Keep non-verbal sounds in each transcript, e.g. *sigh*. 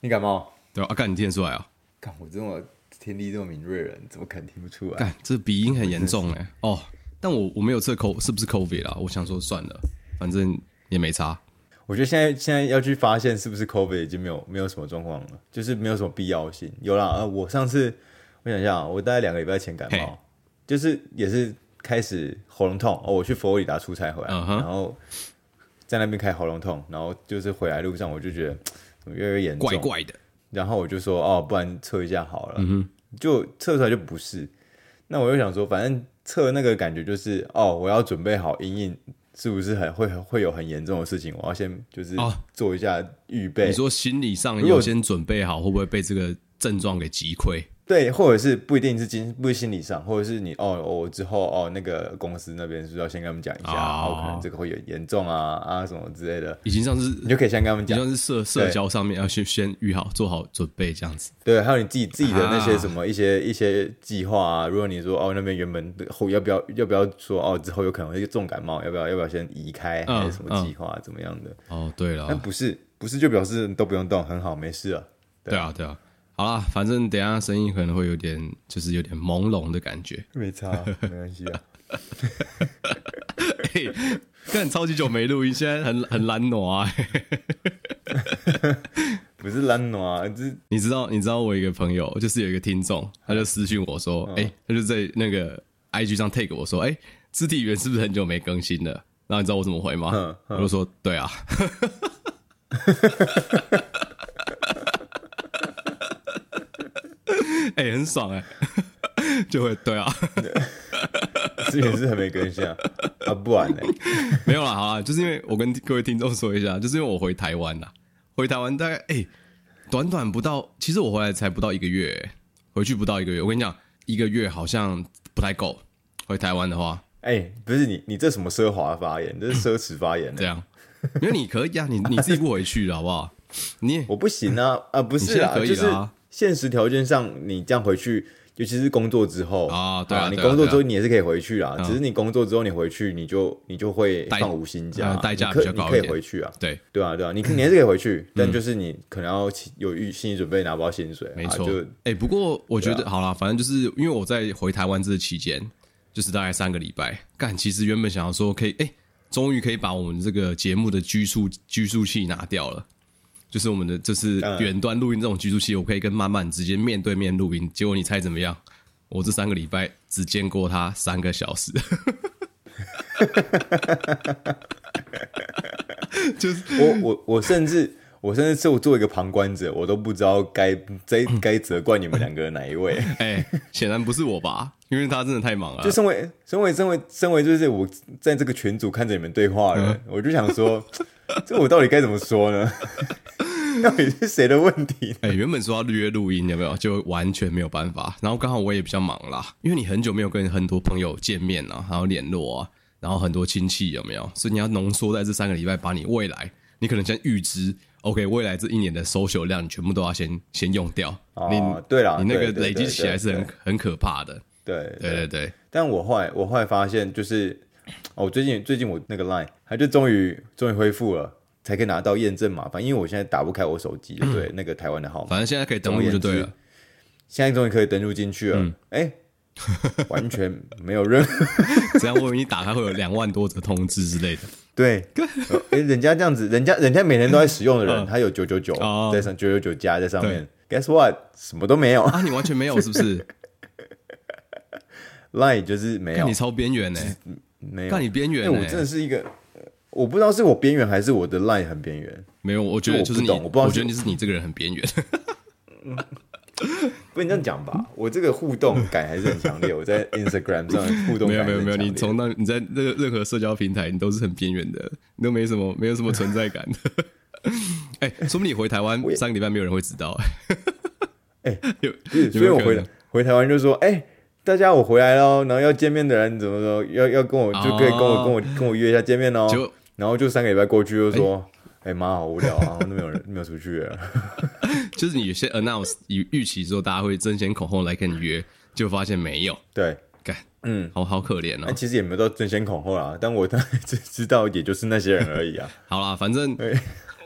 你感冒？對啊，幹、啊，你聽出來啊？幹，我這麼聽力這麼敏銳的人，怎麼可能聽不出來？幹，這鼻音很嚴重嘞、欸。是是哦，但我我沒有測 CO 是不是 COVID 啦、啊。我想說算了，反正也沒差。我覺得現在現在要去發現是不是 COVID，已經沒有沒有什麼狀況了，就是沒有什麼必要性。有了啊、呃，我上次我想一下啊，我大概兩個禮拜前感冒，嘿就是也是開始喉嚨痛。哦，我去佛羅里達出差回來，嗯、哼然後在那邊開喉嚨痛，然後就是回來路上我就覺得。越來越嚴重，怪怪的。然後我就說，哦，不然測一下好了。嗯、哼就測出來就不是。那我又想說，反正測那個感覺就是，哦，我要準備好陰影，是不是很會會有很嚴重的事情？我要先就是做一下預備。哦、你說心理上要先準備好，果會不會被這個症狀給擊潰？對，或者是不一定是精，不是心理上，或者是你哦，我、哦、之後哦，那個公司那邊是不是要先跟他們講一下，哦，哦，可能這個會有嚴重啊啊什麼之類的，已經上是你就可以先跟他們，像是社社交上面要先對先預好，做好準備這樣子。對，還有你自己自己的那些什麼一些、啊、一些計劃啊，如果你說哦那邊原本後、哦、要不要要不要說哦之後有可能一個重感冒，要不要要不要先移開還是什麼計劃、嗯嗯、怎麼樣的？哦，對了，但不是不是就表示都不用動，很好，沒事啊。對，對啊，對啊。好啦，反正等下聲音可能會有點，就是有點朦朧的感覺。沒差，沒關係啊。哎、 *laughs* 欸，看超級久沒錄音，現在很很懶惰啊、欸。 *laughs* *laughs* 不是懶惰，就是你知道，你知道我一個朋友，就是有一個聽眾，他就私訊我說：“哎、嗯欸，他就在那個 IG 上 take 我說，哎、欸，肢體語言是不是很久沒更新了？”然後你知道我怎麼回嗎？嗯嗯、我就說：“對啊。 *laughs* ” *laughs* 哎、欸，很爽哎、欸， *laughs* 就會對啊，這也是很沒更新啊，啊不玩哎，沒有啦，好啊，就是因為我跟各位聽眾說一下，就是因為我回台灣啦，回台灣大概哎、欸，短短不到，其實我回來才不到一個月、欸，回去不到一個月，我跟你講，一個月好像不太夠回台灣的話，哎、欸，不是你你這什麼奢華發言，這是奢侈發言、欸， *laughs* 這樣，因為你可以啊，你你自己不回去好不好？你 *laughs* 我不行啊，啊不是啊，可以啊就是。現實條件上，你這樣回去，尤其是工作之後啊，對啊，你工作之後你也是可以回去啦。只是你工作之後你回去，你就你就會放無薪假，代價比較高一點，你可以回去啊，對對啊，對啊，你你還是可以回去，但就是你可能要有預心理準備拿不到薪水，沒錯。就哎，不過我覺得好了，反正就是因為我在回台灣這個期間，就是大概三個禮拜。幹，其實原本想要說可以，哎，終於可以把我們這個節目的拘束拘束器拿掉了。就是我們的，就是遠端錄音這種居住器，我可以跟曼曼直接面對面錄音。結果你猜怎麼樣？我這三個禮拜只見過他三個小時。哈哈哈哈哈！哈哈！就是我，我，我甚至我甚至做做一個旁觀者，我都不知道該該該責怪你們兩個的哪一位。哎、 *laughs* 欸，顯然不是我吧？因為他真的太忙了。就身為身為身為身為就是我在這個群組看着你們對話了，嗯、我就想說， *laughs* 這我到底該怎麼說呢？ *laughs* 到底是誰的問題呢？哎、欸，原本說要預約錄音有沒有？就完全沒有辦法。然後剛好我也比較忙啦、啊，因為你很久沒有跟很多朋友見面了、啊，然後聯絡啊，然後很多親戚有沒有？所以你要濃縮在這三個禮拜，把你未來你可能想預知，OK，未來這一年的 social 量，你全部都要先先用掉。哦、你對啦啦，你那個累積起來是很很可怕的。對對對對，但我後來我後來發現，就是我最近最近我那個 Line，還就終於終於恢復了，才可以拿到驗證碼。反正因為我現在打不開我手機，對那個台灣的號碼，反正現在可以登錄就對了。現在終於可以登入進去了，哎，完全沒有任何，只要我一打開會有兩萬多的通知之類的。對，人家這樣子，人家人家每天都在使用的人，他有九九九在上九九九加在上面。Guess what？什麼都沒有啊？你完全沒有是不是？Line 就是沒有，你超邊緣呢，沒有，看你邊緣。我真的是一個，我不知道是我邊緣還是我的 Line 很邊緣。沒有，我覺得就是動，我不知道，我覺得你是你這個人很邊緣。不，你這樣講吧，我這個互動感還是很強烈。我在 Instagram 上互動，沒有沒有沒有，你從那你在任任何社交平台，你都是很邊緣的，你都沒什麼沒有什麼存在感的。哎，說不定你回台灣上個禮拜，沒有人會知道。哎，有，所以我回回台灣就說，哎。大家我回來嘍，然後要見面的人怎麼說？要要跟我就可以跟我跟我跟我約一下見面嘍。然後就三個禮拜過去，就說，哎媽，好無聊啊，都沒有人沒有出去啊。就是你有些 announce 預預期之後，大家會爭先恐後來跟你約，就發現沒有。對，幹，嗯，好，好可憐哦。但其實也沒有爭先恐後啊，但我大概知知道，也就是那些人而已啊。好啦，反正，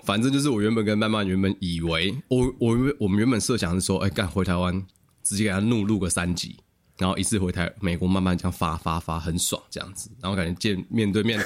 反正就是我原本跟曼曼原本以為，我我我們原本設想是說，哎，幹回台灣直接給他怒錄個三集。然後一次回台美國，慢慢這樣發發發，很爽這樣子。然後感覺見面對面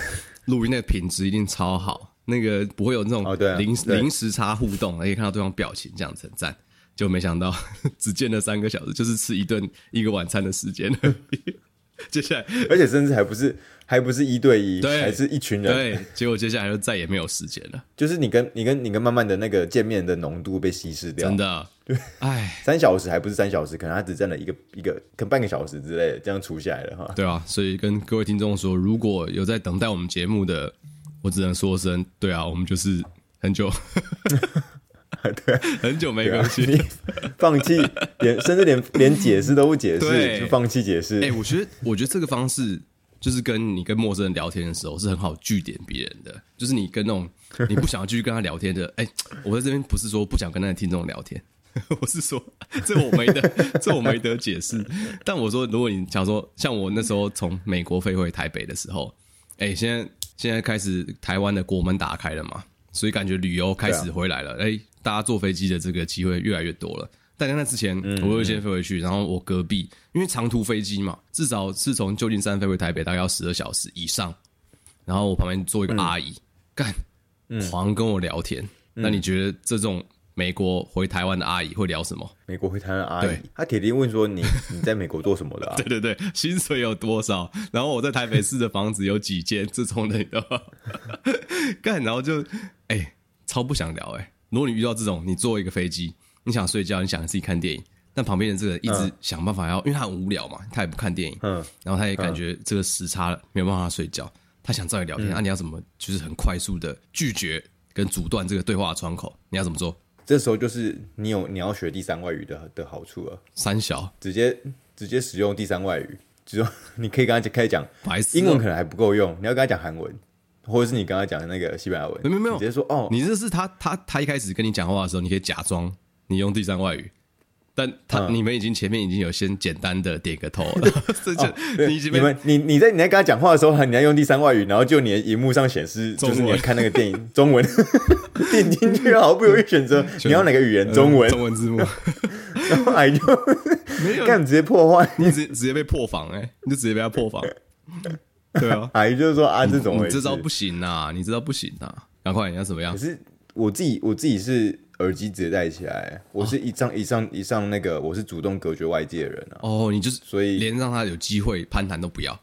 錄音的品質一定超好，那個不會有那種零零、哦啊、時差互動，可以看到對方表情這樣很讚。就沒想到呵呵只見了三個小時，就是吃一頓一個晚餐的時間而已。 *laughs* 接下來，而且甚至還不是。還不是一對一，對還是一群人對，結果接下來就再也沒有時間了。 *laughs* 就是你跟你跟你跟曼曼的那個見面的濃度被稀釋掉，真的。對，哎唉，三小時還不是三小時，可能他只佔了一個一個，可能半個小時之類的，這樣除下來了哈。對啊，所以跟各位聽眾說，如果有在等待我們節目的，我只能說聲對啊，我們就是很久， *laughs* *laughs* 對、啊，對啊、很久沒關係，啊、放棄，連甚至連連解釋都不解釋對就放棄解釋。哎、欸，我覺得，我覺得這個方式。就是跟你跟陌生人聊天的時候是很好句點別人的，就是你跟那種你不想要繼續跟他聊天的。哎、欸，我在這邊不是說不想跟那個聽眾聊天，我是說這是我沒得這我沒得解釋。 *laughs* 但我說，如果你假如說像我那時候從美國飛回台北的時候。哎、欸，現在現在開始台灣的國門打開了嘛，所以感覺旅遊開始回來了。哎、欸，大家坐飛機的這個機會越來越多了。但在那之前，我會先飛回去，嗯嗯、然後我隔壁，因為長途飛機嘛，至少是從舊金山飛回台北，大概要十二小時以上。然後我旁邊坐一個阿姨，幹，狂跟我聊天。那、嗯、你覺得這種美國回台灣的阿姨會聊什麼？美國回台灣的阿姨對，她鐵定問說：“你你在美國做什麼的？”對對對，薪水有多少？然後我在台北市的房子有幾間？ *laughs* 這種類的你，幹， *laughs* 然後就，哎、欸，超不想聊哎、欸。如果你遇到這種，你坐一個飛機。你想睡覺，你想自己看電影，但旁邊的這個人一直想辦法要，嗯、因為他很無聊嘛，他也不看電影，嗯，然後他也感覺這個時差了，嗯、沒有辦法睡覺，他想找你聊天，那、嗯啊、你要怎麼就是很快速的拒絕跟阻斷這個對話的窗口？你要怎麼做？這時候就是你有你要學第三外語的的好處了，三小直接直接使用第三外語，就說 *laughs* 你可以跟他開講，白英文可能還不夠用，你要跟他講韓文，或者是你剛才講的那個西班牙文，沒有沒有，直接說哦，你這是他他他一開始跟你講話的時候，你可以假裝。你用第三外語，但他你們已經前面已經有先簡單的點個頭了，你們你你在你在跟他講話的時候，你要用第三外語，然後就你熒幕上顯示就是你看那個電影中文，點進去好不容易選擇你要哪個語言中文中文、字幕，然後還就幹，你直接破壞，你直直接被破防哎，你就直接被他破防，對啊，哎就是說啊，這種你這招不行吶，你這招不行吶，趕快你要怎麼樣？可是我自己我自己是。耳機直接戴起來，我是一上一、哦、上一上那個，我是主動隔絕外界的人啊。哦，你就是所以連讓他有機會攀談都不要，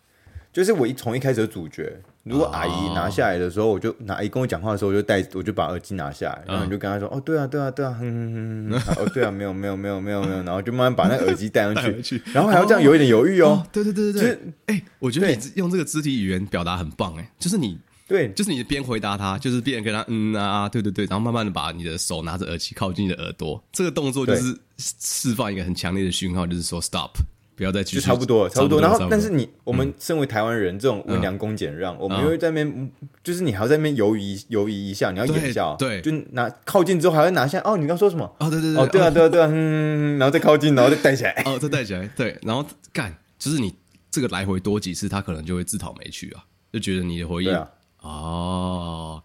就是我一從一開始的主角，如果阿姨拿下來的時候，哦、我就拿阿姨跟我講話的時候，我就戴，我就把耳機拿下來，然後你就跟他說，哦，哦，對啊，對啊，對啊，嗯嗯嗯 *laughs* 哦，對啊，沒有沒有沒有沒有沒有，然後就慢慢把那耳機戴上去， *laughs* 去然後還要這樣有一點猶豫哦、嗯，對對對對對，哎、就是欸，我覺得你對用這個肢體語言表達很棒、欸，哎，就是你。對，就是你邊回答他，就是邊跟他嗯啊，對對對，然後慢慢的把你的手拿着耳機靠近你的耳朵，這個動作就是釋放一個很強烈的訊號，就是說 stop，不要再繼續，差不多差不多。然後但是你我們身為台灣人，這種溫良恭儉讓，我們會在那邊，就是你還要在邊猶豫猶豫一下，你要演一下，對，就拿靠近之後還會拿下，哦，你剛說什麼？哦，對對哦，對啊對啊對啊，嗯，然後再靠近，然後再帶起來，哦，再帶起來，對，然後幹，就是你這個來回多幾次，他可能就會自討沒趣啊，就覺得你的回應。哦，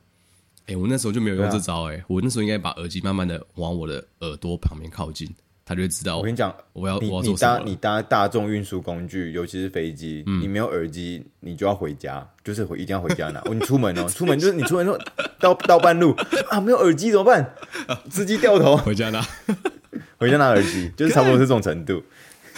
哎、欸，我那時候就沒有用這招、欸，哎、啊，我那時候應該把耳機慢慢的往我的耳朵旁邊靠近，他就會知道我。我跟你講，我要，你，我要你搭你搭大眾運輸工具，尤其是飛機，嗯、你沒有耳機，你就要回家，就是回一定要回家拿。 *laughs* 你出門哦、喔，出門就是你出門說到到半路啊，沒有耳機怎麼辦？直接掉頭 *laughs* 回家拿， *laughs* 回家拿耳機，就是差不多是這種程度。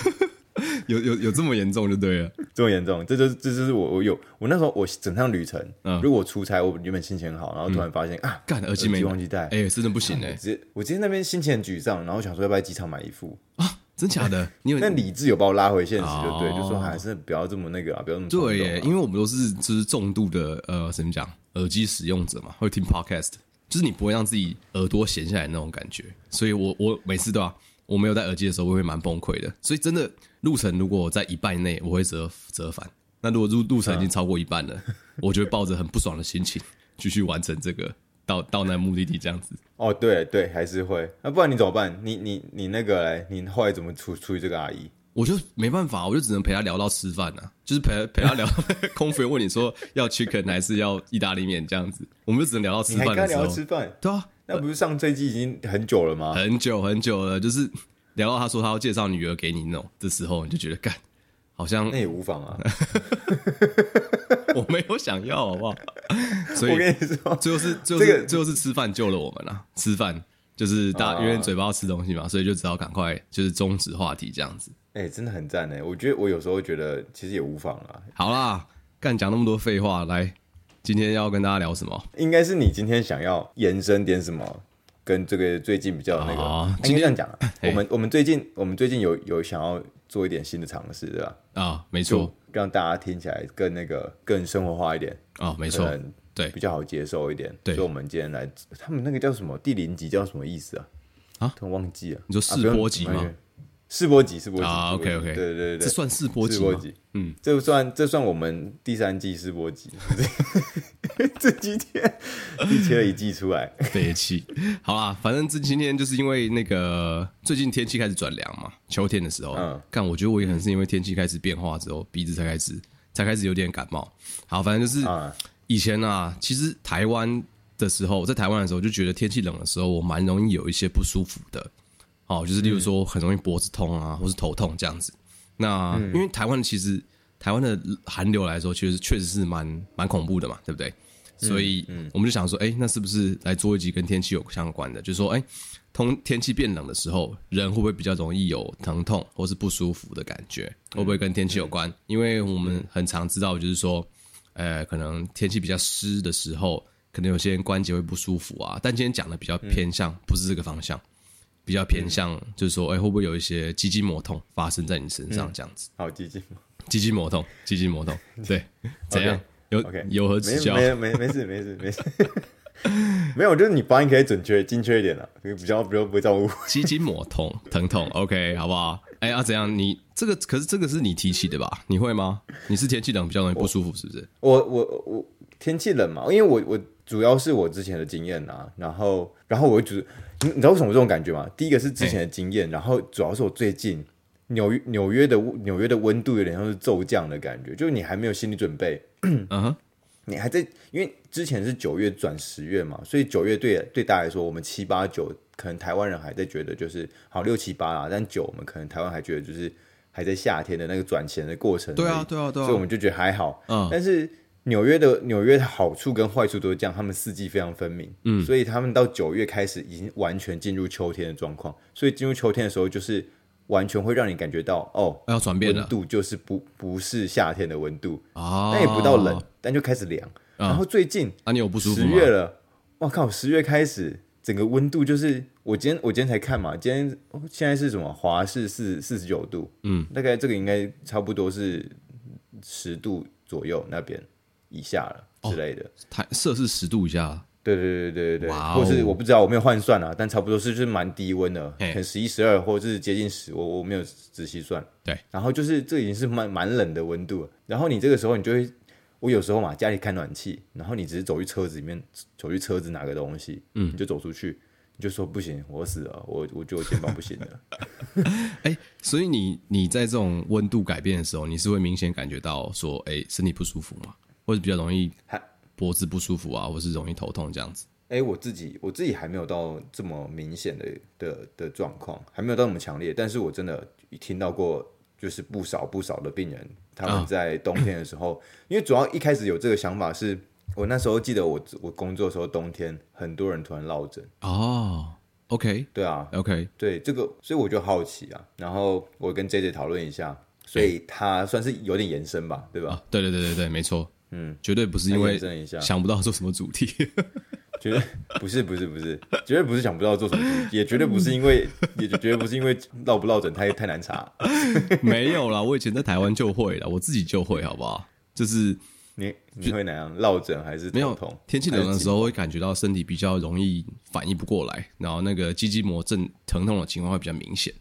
跟人 *laughs* *laughs* 有有有這麼嚴重就對了，這麼嚴重，這就是、這就是我我有我那時候我整趟旅程，嗯，如果我出差，我原本心情很好，然後突然發現啊，幹、嗯、耳機沒忘記帶，哎、欸，真的不行哎、欸啊，我今天那邊心情很沮喪，然後想說要不要在機場買一副啊，真假的？你有那理智有把我拉回現實，就對，哦、就說還是不要這麼那個啊，不要那麼、啊、對耶，因為我們都是就是重度的呃，怎麼講，耳機使用者嘛，會聽 podcast，就是你不會讓自己耳朵閒下來那種感覺，所以我我每次都要、啊。我沒有戴耳機的時候，我會蠻崩潰的。所以真的路程如果在一半內，我會折折返。那如果路路程已經超過一半了，啊、我就會抱着很不爽的心情繼 *laughs* 續完成這個到到那目的地這樣子。哦，對了對，還是會。那、啊、不然你怎麼辦？你你你那個，來你後來怎麼處處理這個阿姨？我就沒辦法，我就只能陪她聊到吃飯呢、啊，就是陪陪她聊。 *laughs* *laughs* 空服員問你說要 chicken 還是要意大利麵這樣子，我們就只能聊到吃飯的時候，你還聊到吃飯？對啊。那不是上這一季已經很久了嗎？很久很久了，就是聊到他說他要介紹女兒給你那種的時候，你就覺得幹，好像那也無妨啊。我沒有想要好不好？ *laughs* 所以我跟你說，最後是最後是，這個，最後是吃飯救了我們了、啊。吃飯就是大，哦、因為嘴巴要吃東西嘛，所以就只好趕快就是終止話題這樣子。哎、欸，真的很讚欸！我覺得我有時候覺得其實也無妨啦。好啦，幹，講那麼多廢話，來。今天要跟大家聊什麼？應該是你今天想要延伸點什麼，跟這個最近比較那個、哦、啊，應該啊，這樣講，我們嘿我們最近我們最近有有想要做一點新的嘗試，對吧？啊、哦，沒錯，讓大家聽起來更那個更生活化一點啊、哦，沒錯，對，比較好接受一點。對，所以我們今天來，他們那個叫什麼？第零集叫什麼意思啊？啊，都忘記了，你說試播集嗎？啊試播集，試播集，試播集。集、oh，OK OK，對對對，對，這算試播集，試播集，嗯，這算這算我們第三季試播集。嗯嗯、這幾天，一車一季出來，對、呃，一好啊，反正這幾天就是因為那個最近天氣開始轉涼嘛，秋天的時候，嗯，看，我覺得我也可能是因為天氣開始變化之後，嗯、鼻子才開始才開始有點感冒。好，反正就是、嗯、以前啊，其實台灣的時候，在台灣的時候，就覺得天氣冷的時候，我蠻容易有一些不舒服的。哦，就是例如說，很容易脖子痛啊，嗯、或是頭痛這樣子。那、嗯、因為台灣其實台灣的寒流來說，其實確實是蠻蠻恐怖的嘛，對不對？所以我們就想說，哎、欸，那是不是來做一集跟天氣有相關的？就是說，哎、欸，通天氣變冷的時候，人會不會比較容易有疼痛或是不舒服的感覺？嗯、會不會跟天氣有關？嗯、因為我們很常知道，就是說，呃，可能天氣比較濕的時候，可能有些人關節會不舒服啊。但今天講的比較偏向、嗯、不是這個方向。比較偏向就是說，哎、欸，會不會有一些肌筋膜痛發生在你身上這樣子？嗯、好，肌筋膜，肌筋膜痛，肌筋膜痛，對，怎樣？Okay, 有，OK，有何指教沒沒沒事沒事沒事，沒，事 *laughs* *laughs* 沒有，我就是你發音可以準確精確一點啊，比較比用不會造物。肌筋膜痛，疼痛，OK，好不好？哎、欸、啊，怎樣？你這個可是這個是你提起的吧？你會嗎？你是天氣冷比較容易不舒服，是不是？我我我天氣冷嘛，因為我我主要是我之前的經驗啊，然後然後我主。你你知道為什麼這種感覺嗎？第一個是之前的經驗，嘿然後主要是我最近紐約紐約的紐約的溫度有點像是驟降的感覺，就是你還沒有心理準備，嗯哼你還在，因為之前是九月轉十月嘛，所以九月對對大家來說，我們七八九可能台灣人還在覺得就是好六七八啦，但九我們可能台灣還覺得就是還在夏天的那個轉錢的過程對、啊，對啊對啊對啊，所以我們就覺得還好，嗯，但是。紐約的紐約的好處跟壞處都是這樣，他們四季非常分明，嗯，所以他們到九月開始已經完全進入秋天的狀況，所以進入秋天的時候就是完全會讓你感覺到哦要轉變了，溫度就是不不是夏天的溫度啊，哦、但也不到冷，但就開始涼。嗯、然後最近啊你有，有不舒服？十月了，我靠，十月開始整個溫度就是我今天我今天才看嘛，今天現在是什麼華氏四四十九度，嗯，大概這個應該差不多是十度左右那邊。以下了之類的、哦，攝氏十度以下、啊，對對對對對對 Wow，或是我不知道，我沒有換算啊，但差不多是就是蠻低溫的，欸、可能十一十二，或者是接近十，我我沒有仔細算。對，然後就是這已經是蠻蠻冷的溫度了。然後你這個時候，你就會，我有時候嘛，家裡開暖氣，然後你只是走去車子裡面，走去車子拿個東西，嗯、你就走出去，你就說不行，我死了，我我就覺得我肩膀不行了。哎、 *laughs* *laughs* 欸，所以你你在這種溫度改變的時候，你是會明顯感覺到說，哎、欸，身體不舒服嗎？或者比較容易脖子不舒服啊，或是容易頭痛這樣子。哎、欸，我自己我自己還沒有到這麼明顯的的的狀況，還沒有到那麼強烈。但是我真的聽到過，就是不少不少的病人，他們在冬天的時候，啊、因為主要一開始有這個想法是，是我那時候記得我我工作的時候，冬天很多人突然落枕。哦，OK，對啊，OK，對這個，所以我就好奇啊。然後我跟 JJ 討論一下，所以他算是有點延伸吧，對，對吧？對、啊、對對對對，沒錯。嗯，絕對不是因為想不到做什麼主題，嗯、絕對不是不是不是， *laughs* 絕對不是想不到做什麼主題，也絕對不是因為 *laughs* 也絕對不是因為落不落枕太太難查，沒有啦，我以前在台灣就會了， *laughs* 我自己就會好不好？就是你你會哪樣？落枕還是疼痛？沒有，天氣冷的時候會感覺到身體比較容易反應不過來，然後那個肌筋膜症疼痛的情況會比較明顯，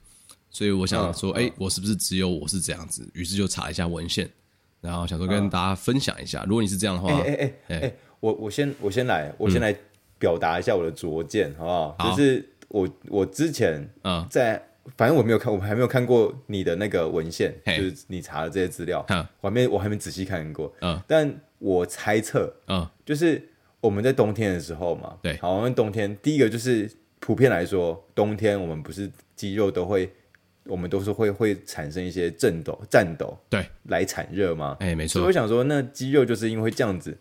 所以我想說，哎，我是不是只有我是這樣子？於是就查一下文獻。然後想說跟大家分享一下，如果你是這樣的話，哎哎哎哎，我我先我先來，我先來表達一下我的拙見，好不好？就是我我之前在反正我沒有看，我還沒有看過你的那個文獻，就是你查的這些資料，嗯，我還沒我還沒仔細看過，嗯，但我猜測，嗯，就是我們在冬天的時候嘛，對，好，我們冬天第一個就是普遍來說，冬天我們不是肌肉都會。我們都是會會產生一些顫抖、顫抖，對，來產熱嗎？哎，沒錯。所以我想說，那肌肉就是因為這樣子，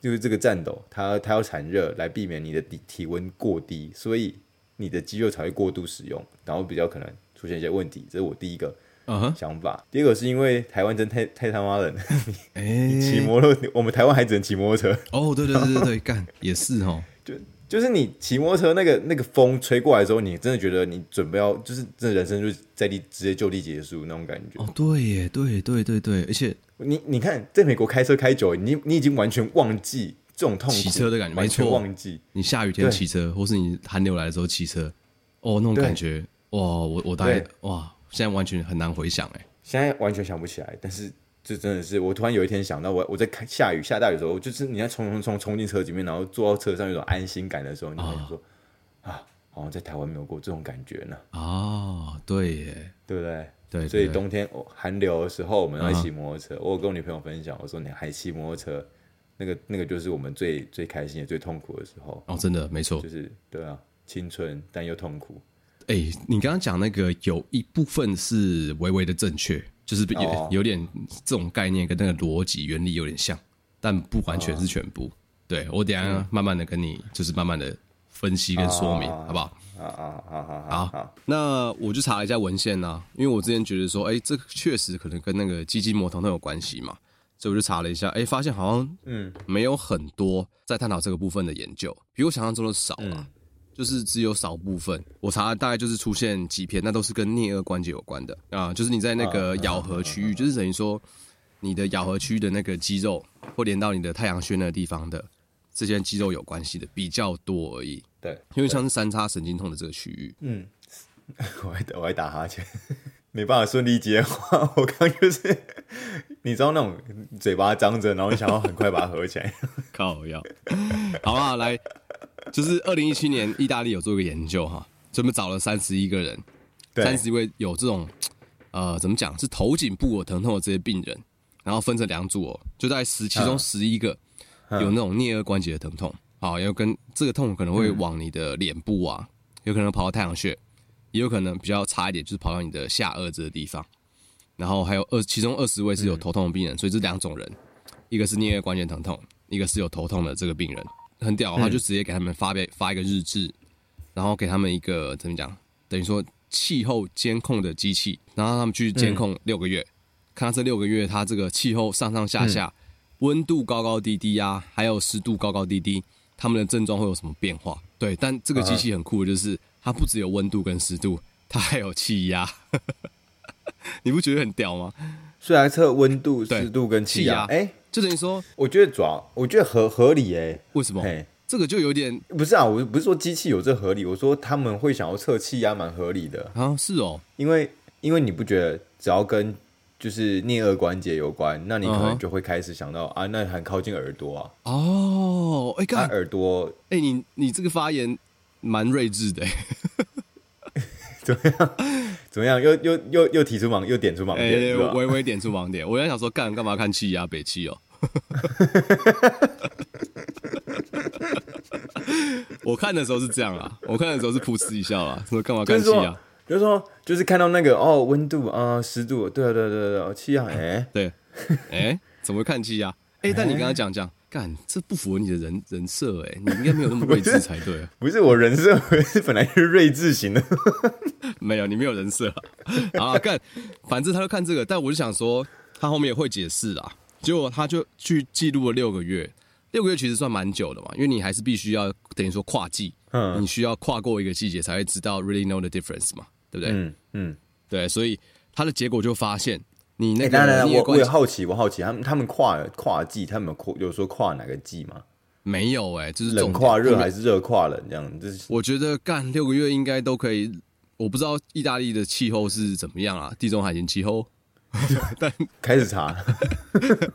就是這個顫抖，它它要產熱來避免你的體溫過低，所以你的肌肉才會過度使用，然後比較可能出現一些問題。這是我第一個想法。Uh huh. 第二個是因為台灣真太太他媽冷，哎 *laughs* 你，騎、欸、摩托你我們台灣還只能騎摩托車。哦，oh, 對對對對，幹 *laughs* 也是哦，就是你騎摩托車那個那個風吹過來的時候，你真的覺得你準備要就是這人生就在地直接就地結束那種感覺。哦對，對耶，對對對對，而且你你看，在美國開車開久，你你已經完全忘記這種痛苦，騎車的感覺，完全忘記。你下雨天騎車，對或是你寒流來的時候騎車，哦，那種感覺對哇，我我大概對哇，現在完全很難回想哎，現在完全想不起來，但是。這真的是我突然有一天想到我，我我在看下雨下大雨的時候，我就是你要衝衝衝衝進車裡面，然後坐到車上有一種安心感的時候，你會想說啊，啊，好像在台灣沒有過這種感覺呢。哦、啊，對耶，對不對？對，對，對，所以冬天寒流的時候，我們要騎摩托車。啊、我有跟我女朋友分享，我說你還騎摩托車，那個那個就是我們最最開心也最痛苦的時候。哦，真的沒錯，就是對啊，青春但又痛苦。哎、欸，你剛剛講那個有一部分是微微的正確。就是有有點這種概念跟那個邏輯原理有點像，但不完全是全部。Oh. 對我等一下慢慢的跟你就是慢慢的分析跟說明，oh. 好不好？啊啊啊啊！好，oh. 那我就查了一下文獻呢、啊，因為我之前覺得說，哎、欸，這個確實可能跟那個肌筋膜疼痛有關係嘛，所以我就查了一下，哎、欸，發現好像嗯沒有很多在探討這個部分的研究，比我想象中的少了、啊。Oh. 就是只有少部分，我查大概就是出現幾篇，那都是跟顳頜關節有關的啊，就是你在那個咬合區域，就是等於說你的咬合區域的那個肌肉，會連到你的太陽穴那地方的這些肌肉有關係的比較多而已。對，對因為像是三叉神經痛的這個區域。嗯我，我還我還打哈欠，沒辦法順利接話。我剛剛就是你知道那種嘴巴張着，然後你想要很快把它合起來， *laughs* 靠腰，好啊，來。就是二零一七年，意大利有做一個研究哈，專門找了三十一個人，三十一對位有這種，呃，怎麼講，是頭頸部疼痛的這些病人，然後分成兩組哦、喔，就在十其中十一個有那種顳頜關節的疼痛，啊、好，因跟這個痛可能會往你的臉部啊，嗯、有可能跑到太陽穴，也有可能比較差一點就是跑到你的下顎這個地方，然後還有二其中二十位是有頭痛的病人，嗯、所以這兩種人，一個是顳頜關節疼痛，一個是有頭痛的這個病人。很屌的話，嗯、就直接給他們發唄。發一個日誌，然後給他們一個怎麼講？等於說氣候監控的機器，然後他們去監控六個月，嗯、看看這六個月它，這個氣候上上下下，嗯、溫度高高低低啊，還有濕度高高低低，他們的症狀會有什麼變化？對，但這個機器很酷，就是、啊、它不只有溫度跟濕度，它還有氣壓， *laughs* 你不覺得很屌嗎？雖然測溫度、濕度跟氣壓，就等於說，我覺得抓，我覺得合合理耶、欸。為什麼？哎嘿，這個就有點不是啊。我不是說機器有這合理，我說他們會想要測氣壓，蠻合理的啊。是哦，因為因為你不覺得，只要跟就是顳顎關節有關，那你可能就會開始想到、uh huh. 啊，那很靠近耳朵啊。哦、oh, 欸，耳朵，哎、欸，你你這個發言蠻睿智的、欸，對 *laughs* 啊。怎麼樣？又又又又提出盲，又點出盲點，欸、對是吧？微微點出盲點， *laughs* 我在想說幹，幹幹嘛看氣壓？北氣哦， *laughs* *laughs* *laughs* 我看的時候是這樣啦，我看的時候是噗嗤一下啦，說幹嘛看氣壓？就是說，就是看到那個哦，溫度啊，濕、呃、度，對對、啊、對對對，哦、氣壓，哎、欸， *laughs* 對，哎、欸，怎麼看氣壓？哎、欸，欸、但你跟他講講。幹，這不符合你的人人設誒、欸，你應該沒有那麼睿智才對啊。不是，不是我人設本來是睿智型的， *laughs* 沒有你沒有人設啊。幹，反正他就看這個，但我就想說他後面也會解釋啦。結果他就去記錄了六個月，六個月其實算蠻久的嘛，因為你還是必須要等於說跨季，嗯、你需要跨過一個季節才會知道 really know the difference 嘛，對不對？嗯嗯，嗯對，所以他的結果就發現。你那個、欸，我我也好奇，我好奇他們他們跨跨季，他們有有說跨哪個季嗎？沒有誒、欸，就是冷跨熱還是熱跨冷這樣？就是我覺得幹六個月應該都可以。我不知道意大利的氣候是怎麼樣啊，地中海型氣候。 *laughs* 但開始查，這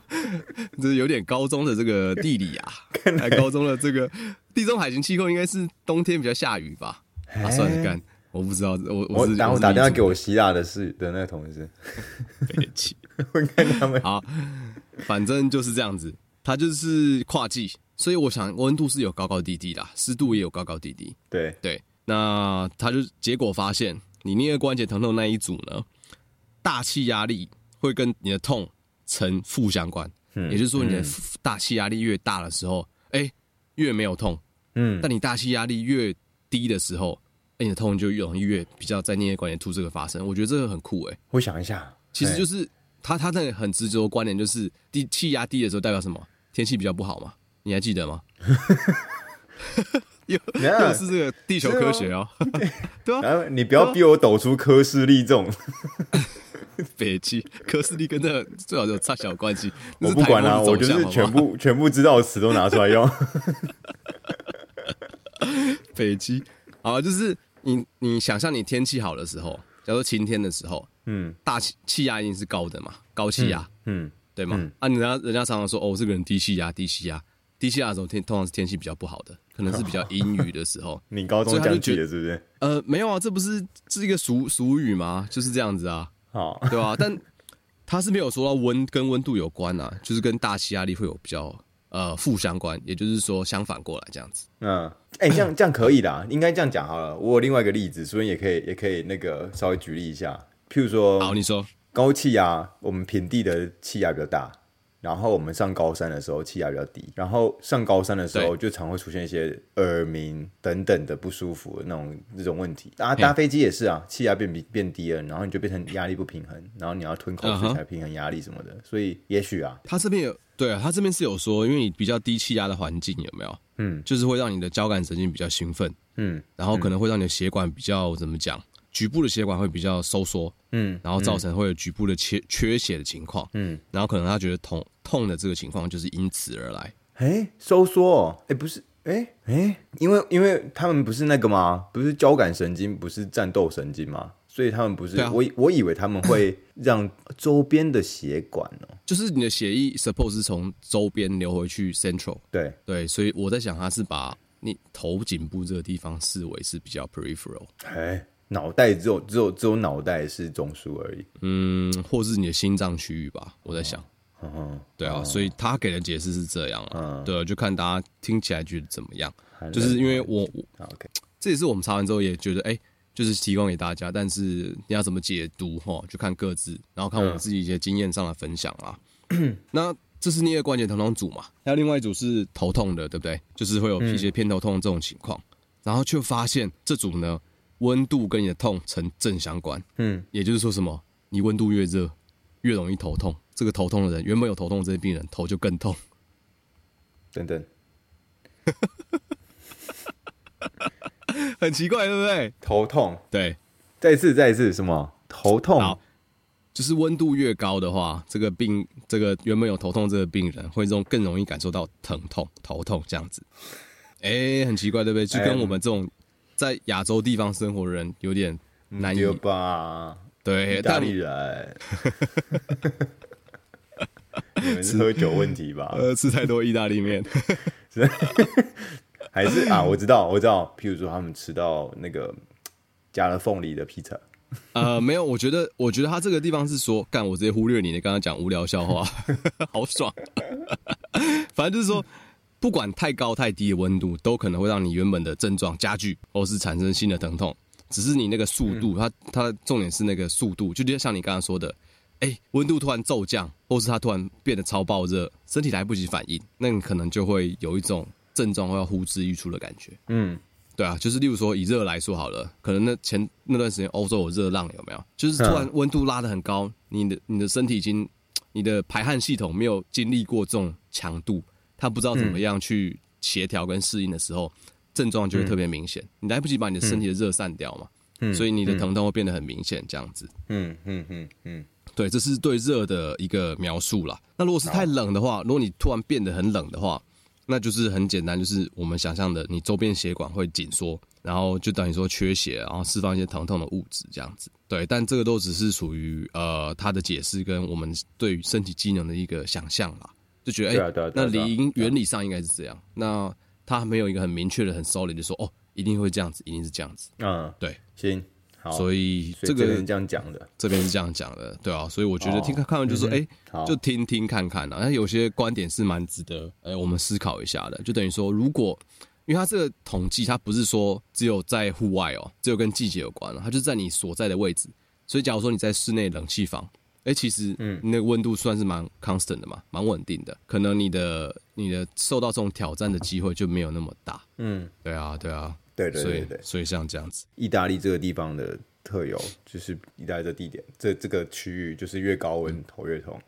*laughs* *laughs* 是有點高中的這個地理啊，能高中的這個地中海型氣候應該是冬天比較下雨吧？還嘿、啊、算是乾。我不知道，我我打我打電話給我希臘的是的那個同事，別急，我看他們。好，反正就是這樣子，它就是跨季，所以我想溫度是有高高低低的，濕度也有高高低低。對對，那它就結果發現，你那個關節疼痛那一組呢，大氣壓力會跟你的痛呈負相關，嗯、也就是說，你的大氣壓力越大的時候，哎、嗯欸，越沒有痛。嗯，但你大氣壓力越低的時候。哎，欸，你的痛就越容易越比較在那些關聯吐這個發生，我覺得這個很酷。哎、欸。我想一下，其實就是、欸、他，他那個很執着的觀點就是低氣壓低的時候代表什麼？天氣比較不好嘛？你還記得嗎？ *laughs* *laughs* 又你看又是這個地球科學哦，對啊，你不要逼我抖出科氏力這種嗎 *laughs* 北極科氏力跟這最好有差小關係， *laughs* 我不管啊，好好我就是全部全部知道詞都拿出來用 *laughs* *laughs* 北極。好啊，就是你你想象你天氣好的時候，假如說晴天的時候，嗯，大氣氣壓一定是高的嘛，高氣壓、嗯，嗯，對嗎？嗯、啊，人家人家常常說，哦，這個人低氣壓，低氣壓，低氣壓的時候天通常是天氣比較不好的，可能是比較陰雨的時候。哦、你高中講句是不是？呃，沒有啊，這不是是一個俗俗語嗎？就是這樣子啊，哦、對吧、啊？但他是沒有說到溫跟溫度有關啊，就是跟大氣壓力會有比較。呃，負相關，也就是說相反過來這樣子。嗯，哎、欸，這樣這樣可以啦， *coughs* 應該這樣講好了。我有另外一個例子，所以也可以也可以那個稍微舉例一下，譬如說，好，你說高氣壓，我們平地的氣壓比較大。然後我們上高山的時候氣壓比較低，然後上高山的時候就常會出現一些耳鳴等等的不舒服的那種那種問題。搭搭飛機也是啊，氣壓變變低了，然後你就變成壓力不平衡，然後你要吞口水才平衡壓力什麼的。Uh huh. 所以也許啊，他這邊有對啊，他這邊是有說，因為你比較低氣壓的環境有沒有？嗯，就是會讓你的交感神經比較興奮，嗯，然後可能會讓你的血管比較怎麼講？局部的血管會比較收縮，嗯，然後造成會有局部的缺、嗯、缺血的情況，嗯，然後可能他覺得痛痛的這個情況就是因此而來。哎、欸，收縮，哎、欸，不是，哎、欸、哎、欸，因為因為他們不是那個嗎？不是交感神經，不是戰鬥神經嗎？所以他們不是，啊、我我以為他們會讓周邊的血管哦、喔，就是你的血液 suppose 是從周邊流回去 central，對對，所以我在想他是把你頭頸部這個地方視為是比較 peripheral，哎。欸腦袋只有只有只有腦袋是中樞而已，嗯，或是你的心臟區域吧，我在想，oh、對啊，oh、所以他給的解釋是這樣、啊，oh、對，就看大家聽起來覺得怎麼樣，oh、就是因為我，我 oh、okay. 這也是我們查完之後也覺得，哎、欸，就是提供給大家，但是你要怎麼解讀哈、哦，就看各自，然後看我們自己一些經驗上的分享啊。Oh、 *coughs* 那這是顳關節疼痛組嘛，還有另外一組是頭痛的，對不對？就是會有一些偏頭痛這種情況，嗯、然後卻發現這組呢。溫度跟你的痛呈正相關，嗯，也就是說什麼？你溫度越熱，越容易頭痛。這個頭痛的人，原本有頭痛的這些病人，頭就更痛，等等， *laughs* 很奇怪，對不對？頭痛，對，再次，再次，什麼？頭痛，好，就是溫度越高的話，這個病，這個原本有頭痛的這個病人，會這種更容易感受到疼痛、頭痛這樣子。哎、欸，很奇怪，對不對？就跟我們這種、嗯。在亞洲地方生活的人有點難、嗯、吧？對，意大利人，但 *laughs* 你們是喝酒問題吧？呃，吃太多意大利麵，是 *laughs* *laughs* 還是啊？我知道，我知道。譬如說，他們吃到那個加了鳳梨的披薩，呃，沒有，我覺得，我覺得他這個地方是說，幹，我直接忽略你，你剛剛講無聊笑話， *laughs* 好爽。 *laughs* 反正就是說。不管太高太低的溫度，都可能會讓你原本的症狀加劇，或是產生新的疼痛。只是你那個速度，嗯、它它重點是那個速度，就覺得像你剛剛說的，誒、欸，溫度突然驟降，或是它突然變得超爆熱，身體來不及反應，那你可能就會有一種症狀會要呼之欲出的感覺。嗯，對啊，就是例如說以熱來說好了，可能那前那段時間歐洲有熱浪，有沒有？就是突然溫度拉得很高，你的你的身體已經，你的排汗系統沒有經歷過這種強度。他不知道怎麼樣去協調跟適應的時候，嗯、症狀就會特別明顯。嗯、你來不及把你的身體的熱散掉嘛，嗯、所以你的疼痛會變得很明顯，這樣子。嗯嗯嗯嗯，嗯嗯嗯對，這是對熱的一個描述啦。那如果是太冷的話，如果你突然變得很冷的話，那就是很簡單，就是我們想象的，你周邊血管會緊縮，然後就等於說缺血，然後釋放一些疼痛的物質，這樣子。對，但這個都只是屬於呃，他的解釋跟我們對身體機能的一個想象啦。就覺得哎，那理理原理上應該是這樣。那他沒有一個很明確的、很 s o solid 的說，哦，一定會這樣子，一定是這樣子。嗯，對，行，好，所以這個這邊這樣講的，這邊是這樣講的，對啊。所以我覺得聽、哦、看完就說、是，哎、嗯，就聽聽看看啊。那好有些觀點是蠻值得哎，我們思考一下的。就等於說，如果因為它這個統計，它不是說只有在戶外哦，只有跟季節有關了，它就在你所在的位置。所以假如說你在室內冷氣房。哎、欸，其實，嗯，那個溫度算是蠻 constant 的嘛，蠻穩定的。可能你的你的受到這種挑戰的機會就沒有那麼大，嗯，對啊，對啊，對對對對，所以，所以像這樣子，意大利這個地方的特有，就是意大利的地點這這個區域，就是越高溫、嗯、頭越痛，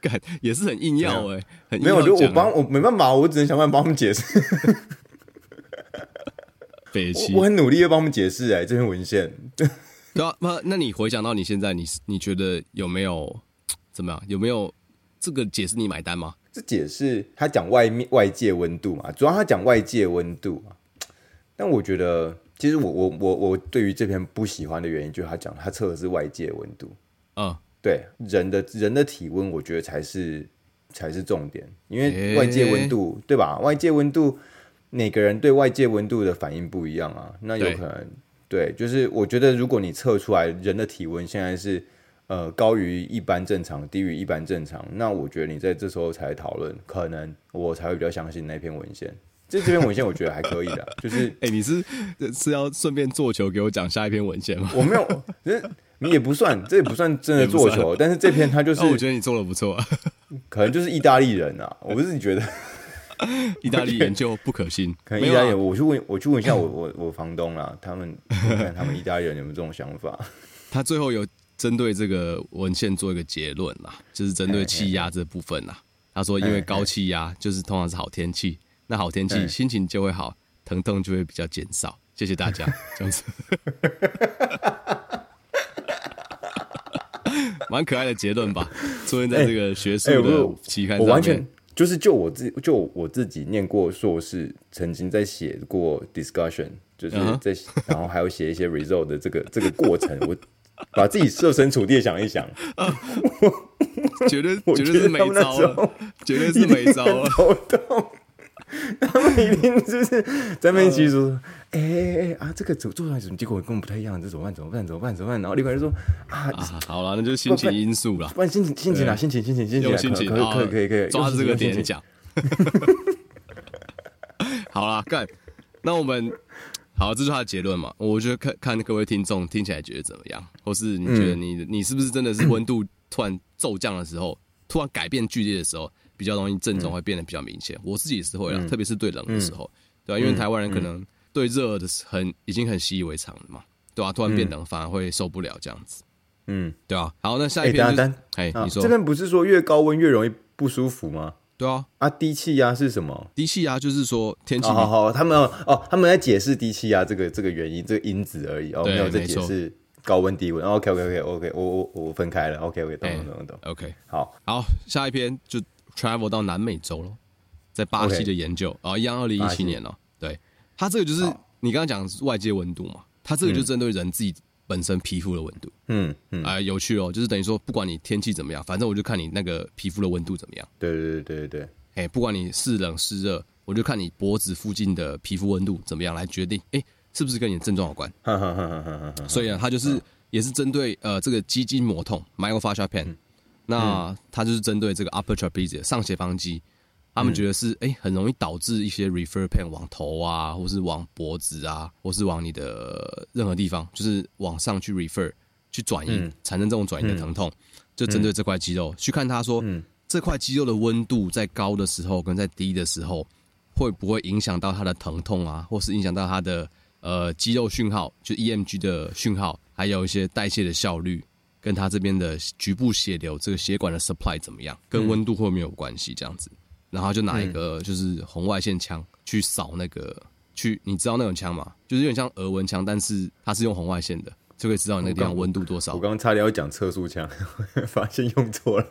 幹也是很硬要哎、欸，樣要啊、沒有如果我幫我，我沒辦法，我只能想辦法幫他們解釋 *laughs* 北七。我很努力要幫他們解釋哎、欸，這篇文獻。對啊，那那你回想到你現在，你是你覺得有沒有怎麼樣？有沒有這個解釋你買單嗎？這解釋他講外面外界溫度嘛，主要他講外界溫度嘛，但我覺得其實我我我我對於這篇不喜歡的原因，就是他講他測的是外界溫度。嗯，對，人的人的體溫，我覺得才是才是重點，因為外界溫度、欸、對吧？外界溫度每個人對外界溫度的反應不一樣啊，那有可能。對，就是我覺得，如果你測出來人的體溫現在是，呃，高於一般正常，低於一般正常，那我覺得你在這時候才討論，可能我才會比較相信那篇文獻。這這篇文獻我覺得還可以的，就是，哎、欸，你是是要順便做球給我講下一篇文獻嗎？我沒有，你也不算，這也不算真的做球，但是這篇他就是，我覺得你做的不錯、啊，可能就是意大利人啊，我不是你覺得。 *laughs* 意大利研究不可信，可意大利，我去問，我去問一下我我我房東啊，他們看他們意大利人有沒有這種想法。他最後有針對這個文獻做一個結論啊，就是針對氣壓這部分啊。他說，因為高氣壓就是通常是好天氣，那好天氣心情就會好，疼痛就會比較減少。謝謝大家，這樣子，蠻 *laughs* *laughs* 可愛的結論吧，出現在這個學術的期刊上面，欸。欸就是就我自就我自己念過碩士，曾經在寫過 discussion，就是在、uh huh. 然後還有寫一些 result 的這個這個過程， *laughs* 我把自己設身處地的想一想，我覺得我覺得是沒招了，絕對是沒招了， *laughs* *laughs* 他們一定就是在面基說。Uh 哎哎哎啊！這個走，做出來怎麼結果跟我們不太一樣，這怎麼辦？怎麼辦？怎麼辦？怎麼辦？然後李冠就說：“啊，好了，那就是心情因素了。反正心情，心情啊，心情，心情，心情，用心情可以可以，可以，抓住這個點講。”好了，幹，那我們好，這是他的結論嘛？我覺得看看各位聽眾聽起來覺得怎麼樣？或是你覺得你你是不是真的是溫度突然驟降的時候，突然改變劇烈的時候，比較容易症狀會變得比較明顯？我自己也是會啊，特別是對冷的時候，對吧？因為台灣人可能。對熱的很，已經很習以為常了嘛，對啊，突然變冷反而會受不了這樣子，嗯，對啊。好，那下一篇，哎，你說，這邊不是說越高溫越容易不舒服嗎？對啊，啊，低氣壓是什麼？低氣壓就是說天氣好好，他們哦，他們在解釋低氣壓這個這個原因這個因子而已哦，沒有在解釋高溫低溫。OK OK OK OK，我我我分開了。OK，OK，懂懂懂懂。OK，好好，下一篇就 travel 到南美洲了，在巴西的研究啊，一樣，二零一七年哦。它這個就是你剛剛講外界溫度嘛，它這個就針對人自己本身皮膚的溫度。嗯嗯。啊、嗯呃，有趣哦，就是等於說，不管你天氣怎麼樣，反正我就看你那個皮膚的溫度怎麼樣。對對對對對。欸、不管你是冷是熱，我就看你脖子附近的皮膚溫度怎麼樣來決定，哎、欸，是不是跟你的症狀有關？哈哈哈哈哈哈。所以呢，它就是也是針對、啊、呃這個肌筋膜痛 myofascial pain 那、啊嗯、它就是針對這個 upper trapezius 上斜方肌。他們覺得是哎、欸，很容易導致一些 refer pain 往頭啊，或是往脖子啊，或是往你的任何地方，就是往上去 refer 去轉移，產生這種轉移的疼痛。就針對這塊肌肉去看，他說這塊肌肉的溫度在高的時候跟在低的時候，會不會影響到它的疼痛啊，或是影響到它的呃肌肉訊號，就 EMG 的訊號，還有一些代謝的效率，跟它這邊的局部血流，這個血管的 supply 怎麼樣，跟溫度會不會有關係？這樣子。然後就拿一個就是紅外線槍去掃那個去，你知道那種槍嗎？就是有點像額溫槍，但是它是用紅外線的，就可以知道你那個地方溫度多少。我剛剛差點要講測速槍，發現用錯了，